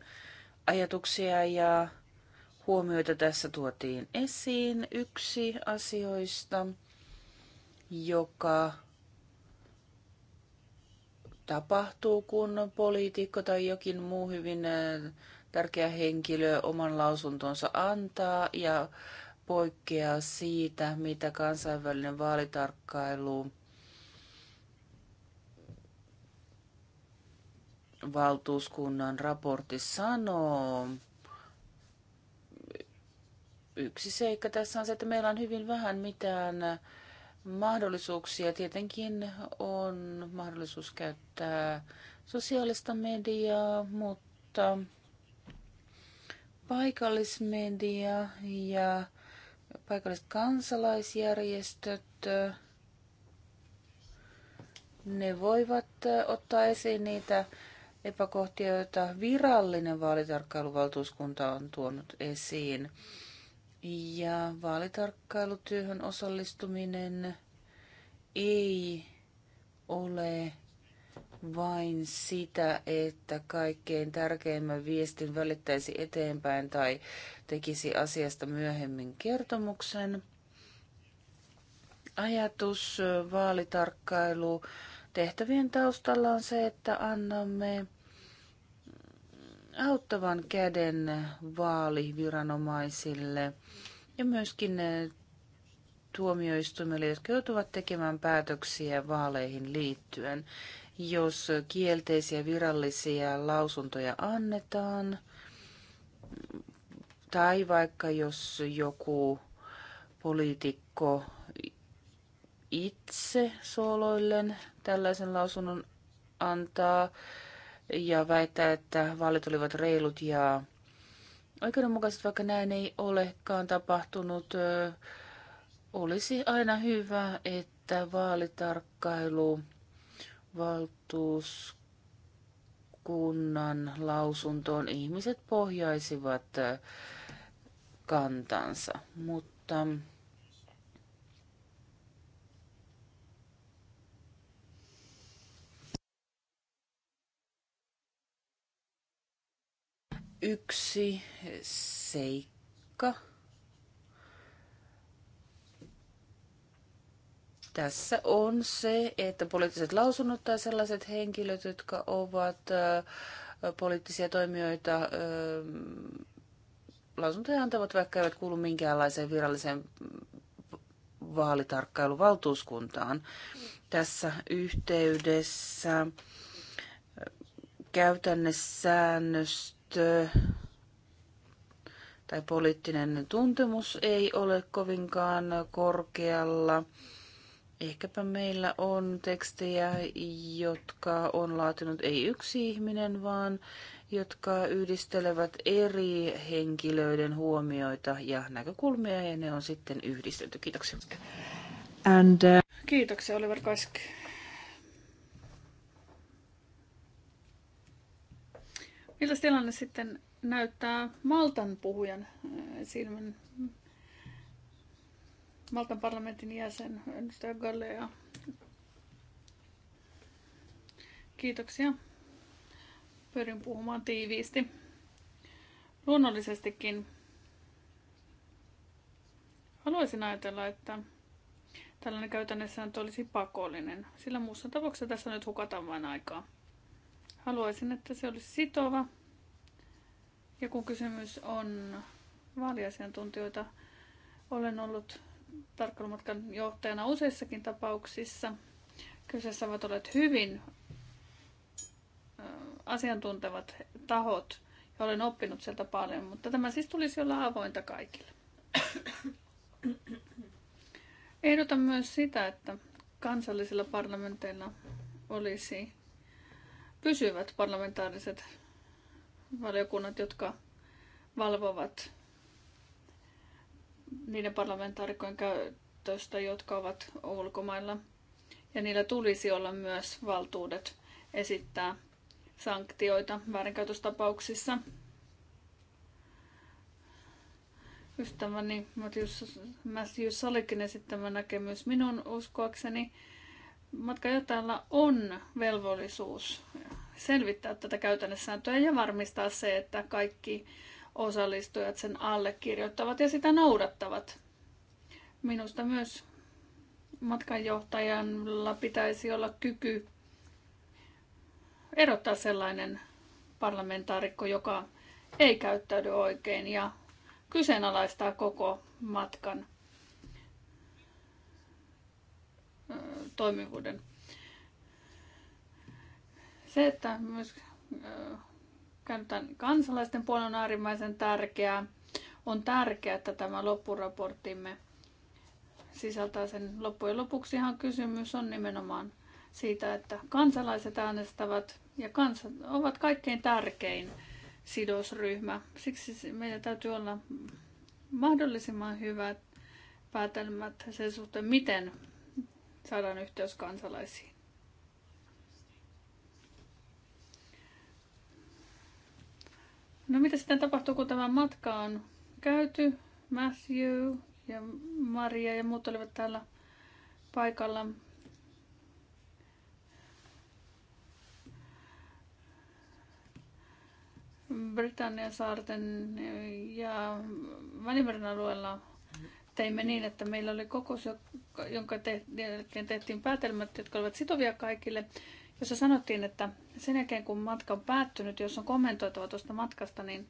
ajatuksia ja huomioita tässä tuotiin esiin. Yksi asioista, joka tapahtuu, kun poliitikko tai jokin muu hyvin äh, tärkeä henkilö oman lausuntonsa antaa ja poikkeaa siitä, mitä kansainvälinen vaalitarkkailu valtuuskunnan raportti sanoo. Yksi seikka tässä on se, että meillä on hyvin vähän mitään mahdollisuuksia. Tietenkin on mahdollisuus käyttää sosiaalista mediaa, mutta paikallismedia ja paikalliset kansalaisjärjestöt, äh, ne voivat äh, ottaa esiin niitä epäkohtia, joita virallinen vaalitarkkailuvaltuuskunta on tuonut esiin. Ja vaalitarkkailutyöhön osallistuminen ei ole vain sitä, että kaikkein tärkeimmän viestin välittäisi eteenpäin tai tekisi asiasta myöhemmin kertomuksen. Ajatus vaalitarkkailu tehtävien taustalla on se, että annamme auttavan käden vaaliviranomaisille ja myöskin tuomioistuimille, jotka joutuvat tekemään päätöksiä vaaleihin liittyen jos kielteisiä virallisia lausuntoja annetaan, tai vaikka jos joku poliitikko itse sooloillen tällaisen lausunnon antaa ja väittää, että vaalit olivat reilut ja oikeudenmukaiset, vaikka näin ei olekaan tapahtunut, olisi aina hyvä, että vaalitarkkailu valtuuskunnan lausuntoon ihmiset pohjaisivat äh, kantansa, mutta yksi seikka tässä on se, että poliittiset lausunnot tai sellaiset henkilöt, jotka ovat poliittisia toimijoita, lausuntoja antavat, vaikka eivät kuulu minkäänlaiseen viralliseen vaalitarkkailuvaltuuskuntaan. Tässä yhteydessä käytännessäännöstö tai poliittinen tuntemus ei ole kovinkaan korkealla. Ehkäpä meillä on tekstejä, jotka on laatinut ei yksi ihminen, vaan jotka yhdistelevät eri henkilöiden huomioita ja näkökulmia, ja ne on sitten yhdistetty. Kiitoksia. And, uh... Kiitoksia, Oliver Kask. Miltä tilanne sitten näyttää Maltan puhujan äh, silmin? Maltan parlamentin jäsen, edustaja Gallea. Kiitoksia. Pyrin puhumaan tiiviisti. Luonnollisestikin haluaisin ajatella, että tällainen käytännössä on olisi pakollinen, sillä muussa tapauksessa tässä nyt hukataan vain aikaa. Haluaisin, että se olisi sitova. Ja kun kysymys on vaaliasiantuntijoita, olen ollut tarkkailumatkan johtajana useissakin tapauksissa. Kyseessä ovat olleet hyvin asiantuntevat tahot ja olen oppinut sieltä paljon, mutta tämä siis tulisi olla avointa kaikille. Ehdotan myös sitä, että kansallisilla parlamenteilla olisi pysyvät parlamentaariset valiokunnat, jotka valvovat niiden parlamentaarikkojen käytöstä, jotka ovat ulkomailla. Ja niillä tulisi olla myös valtuudet esittää sanktioita väärinkäytöstapauksissa. Ystäväni Matius, Matthews Salikin esittämä näkemys minun uskoakseni matkajotajalla on velvollisuus selvittää tätä käytännössääntöä ja varmistaa se, että kaikki osallistujat sen allekirjoittavat ja sitä noudattavat. Minusta myös matkanjohtajalla pitäisi olla kyky erottaa sellainen parlamentaarikko, joka ei käyttäydy oikein ja kyseenalaistaa koko matkan toimivuuden. Se, että myös kansalaisten puolen on äärimmäisen tärkeää. On tärkeää, että tämä loppuraporttimme sisältää sen loppujen lopuksihan kysymys on nimenomaan siitä, että kansalaiset äänestävät ja kansat ovat kaikkein tärkein sidosryhmä. Siksi meillä täytyy olla mahdollisimman hyvät päätelmät sen suhteen, miten saadaan yhteys kansalaisiin. No mitä sitten tapahtuu, kun tämä matka on käyty? Matthew ja Maria ja muut olivat täällä paikalla. Britannian saarten ja Välimeren alueella teimme niin, että meillä oli kokous, jonka jälkeen tehtiin päätelmät, jotka olivat sitovia kaikille jossa sanottiin, että sen jälkeen kun matka on päättynyt, jos on kommentoitava tuosta matkasta, niin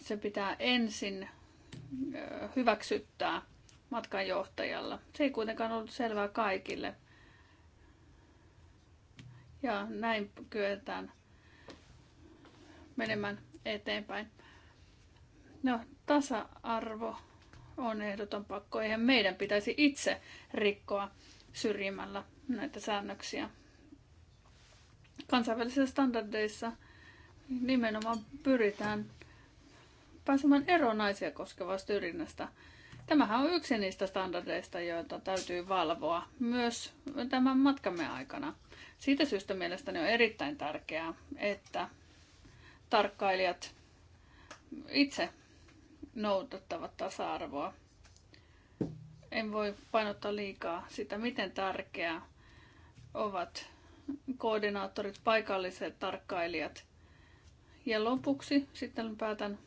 se pitää ensin hyväksyttää matkanjohtajalla. Se ei kuitenkaan ollut selvää kaikille. Ja näin kyetään menemään eteenpäin. No, tasa-arvo on ehdoton pakko. Eihän meidän pitäisi itse rikkoa syrjimällä näitä säännöksiä. Kansainvälisissä standardeissa nimenomaan pyritään pääsemään eroon naisia koskevasta syrjinnästä. Tämähän on yksi niistä standardeista, joita täytyy valvoa myös tämän matkamme aikana. Siitä syystä mielestäni on erittäin tärkeää, että tarkkailijat itse noudattavat tasa-arvoa. En voi painottaa liikaa sitä, miten tärkeää ovat koordinaattorit, paikalliset tarkkailijat. Ja lopuksi sitten päätän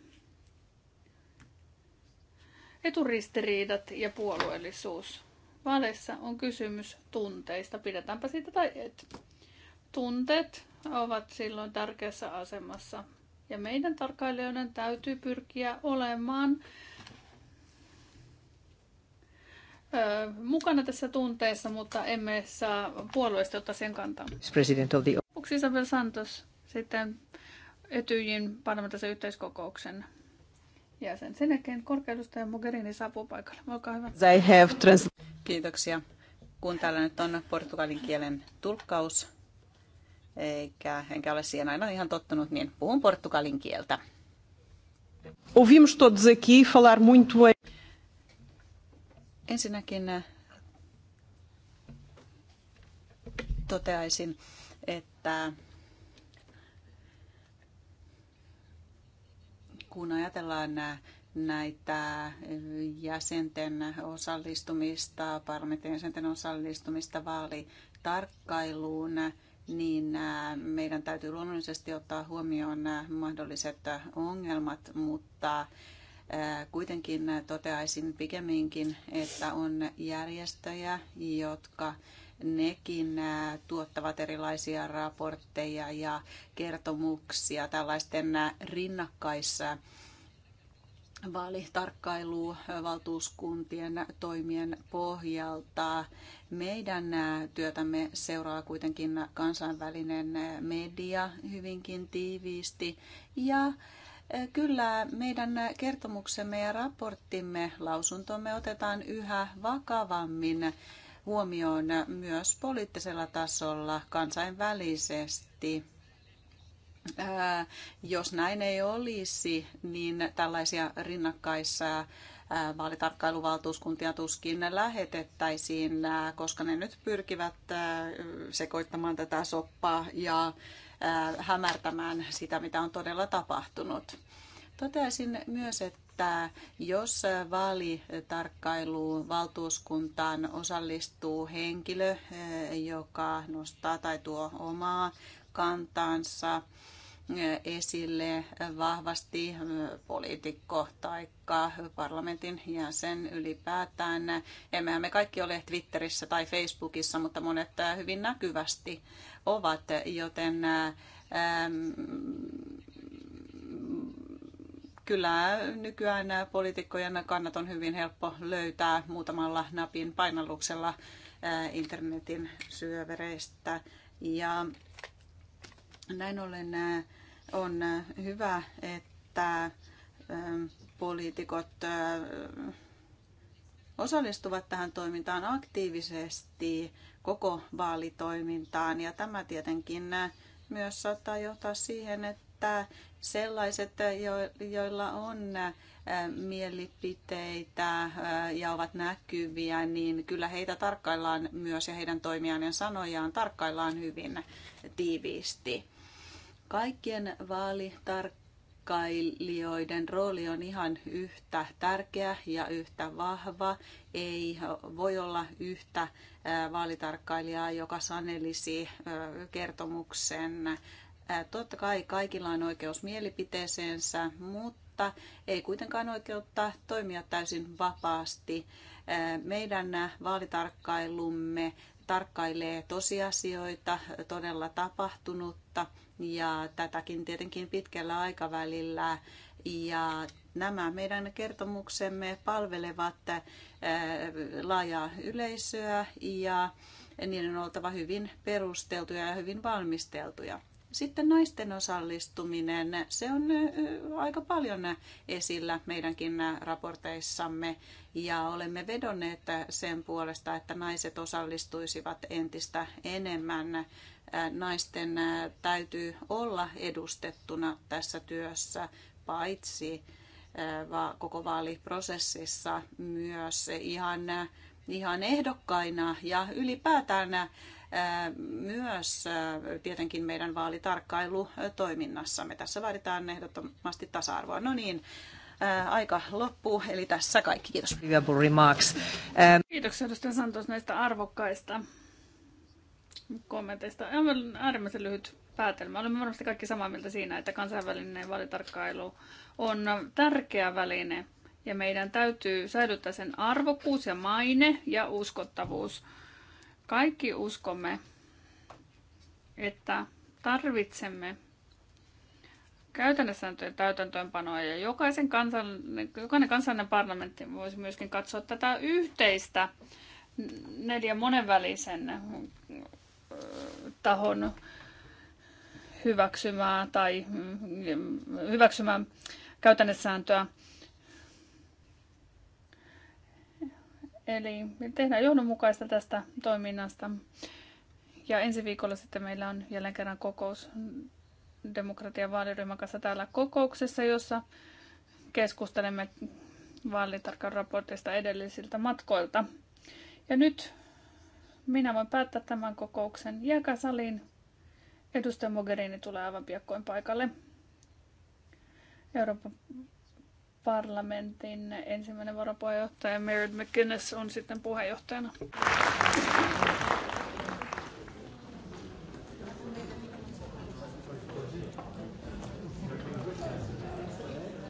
eturistiriidat ja puolueellisuus. Vaaleissa on kysymys tunteista, pidetäänpä siitä tai et. Tunteet ovat silloin tärkeässä asemassa ja meidän tarkkailijoiden täytyy pyrkiä olemaan mukana tässä tunteessa, mutta emme saa puolueesta ottaa sen kantaa. President of the... Onko Isabel Santos sitten Etyjin parlamentaisen yhteiskokouksen jäsen? Sen jälkeen korkeudustaja Mogherini saapuu paikalle. Olkaa hyvä. They have trans... Kiitoksia. Kun täällä nyt on portugalin kielen tulkkaus, eikä, enkä ole siihen aina ihan tottunut, niin puhun portugalin kieltä. Ouvimos todos aqui falar muito em... Ensinnäkin äh, toteaisin, että kun ajatellaan äh, näitä jäsenten osallistumista, parlamentin jäsenten osallistumista vaalitarkkailuun, niin äh, meidän täytyy luonnollisesti ottaa huomioon mahdolliset ongelmat, mutta Äh, kuitenkin toteaisin pikemminkin, että on järjestöjä, jotka nekin äh, tuottavat erilaisia raportteja ja kertomuksia tällaisten äh, rinnakkaissa vaalitarkkailu valtuuskuntien toimien pohjalta. Meidän työtämme seuraa kuitenkin kansainvälinen media hyvinkin tiiviisti ja Kyllä meidän kertomuksemme ja raporttimme, lausuntomme otetaan yhä vakavammin huomioon myös poliittisella tasolla kansainvälisesti. Äh, jos näin ei olisi, niin tällaisia rinnakkaissa äh, vaalitarkkailuvaltuuskuntia tuskin lähetettäisiin, äh, koska ne nyt pyrkivät sekoittamaan tätä soppaa ja hämärtämään sitä, mitä on todella tapahtunut. Toteaisin myös, että jos vaalitarkkailuun valtuuskuntaan osallistuu henkilö, joka nostaa tai tuo omaa kantaansa, esille vahvasti poliitikko tai parlamentin jäsen ylipäätään. Emmehän me kaikki ole Twitterissä tai Facebookissa, mutta monet äh, hyvin näkyvästi ovat, joten ähm, kyllä nykyään poliitikkojen kannat on hyvin helppo löytää muutamalla napin painalluksella äh, internetin syövereistä. Ja näin ollen äh, on äh, hyvä, että ähm, poliitikot äh, osallistuvat tähän toimintaan aktiivisesti koko vaalitoimintaan ja tämä tietenkin äh, myös saattaa johtaa siihen, että sellaiset, joilla on mielipiteitä ja ovat näkyviä, niin kyllä heitä tarkkaillaan myös ja heidän toimiaan ja sanojaan tarkkaillaan hyvin tiiviisti. Kaikkien vaalitarkkailijoiden rooli on ihan yhtä tärkeä ja yhtä vahva. Ei voi olla yhtä vaalitarkkailijaa, joka sanelisi kertomuksen. Totta kai kaikilla on oikeus mielipiteeseensä, mutta ei kuitenkaan oikeutta toimia täysin vapaasti meidän vaalitarkkailumme tarkkailee tosiasioita, todella tapahtunutta ja tätäkin tietenkin pitkällä aikavälillä. Ja nämä meidän kertomuksemme palvelevat äh, laajaa yleisöä ja niiden on oltava hyvin perusteltuja ja hyvin valmisteltuja. Sitten naisten osallistuminen, se on aika paljon esillä meidänkin raporteissamme ja olemme vedonneet sen puolesta, että naiset osallistuisivat entistä enemmän. Naisten täytyy olla edustettuna tässä työssä paitsi koko vaaliprosessissa myös ihan, ihan ehdokkaina ja ylipäätään myös tietenkin meidän vaalitarkkailutoiminnassamme. Tässä vaaditaan ehdottomasti tasa-arvoa. No niin, aika loppuu, eli tässä kaikki. Kiitos. Ähm, Kiitoksia edustaja Santos näistä arvokkaista kommenteista. On äärimmäisen lyhyt päätelmä. Olemme varmasti kaikki samaa mieltä siinä, että kansainvälinen vaalitarkkailu on tärkeä väline ja meidän täytyy säilyttää sen arvokkuus ja maine ja uskottavuus. Kaikki uskomme, että tarvitsemme käytännössääntöjen täytäntöönpanoa ja jokaisen kansan, jokainen kansallinen parlamentti voisi myöskin katsoa tätä yhteistä neljän monenvälisen äh, tahon hyväksymää tai mm, hyväksymään käytännössääntöä Eli tehdään johdonmukaista tästä toiminnasta. Ja ensi viikolla sitten meillä on jälleen kerran kokous demokratian vaaliryhmän kanssa täällä kokouksessa, jossa keskustelemme vaalitarkan raportista edellisiltä matkoilta. Ja nyt minä voin päättää tämän kokouksen. jääkäsaliin. Edustaja Mogherini tulee aivan piakkoin paikalle. Euroopan parlamentin ensimmäinen varapuheenjohtaja Merritt McGuinness on sitten puheenjohtajana.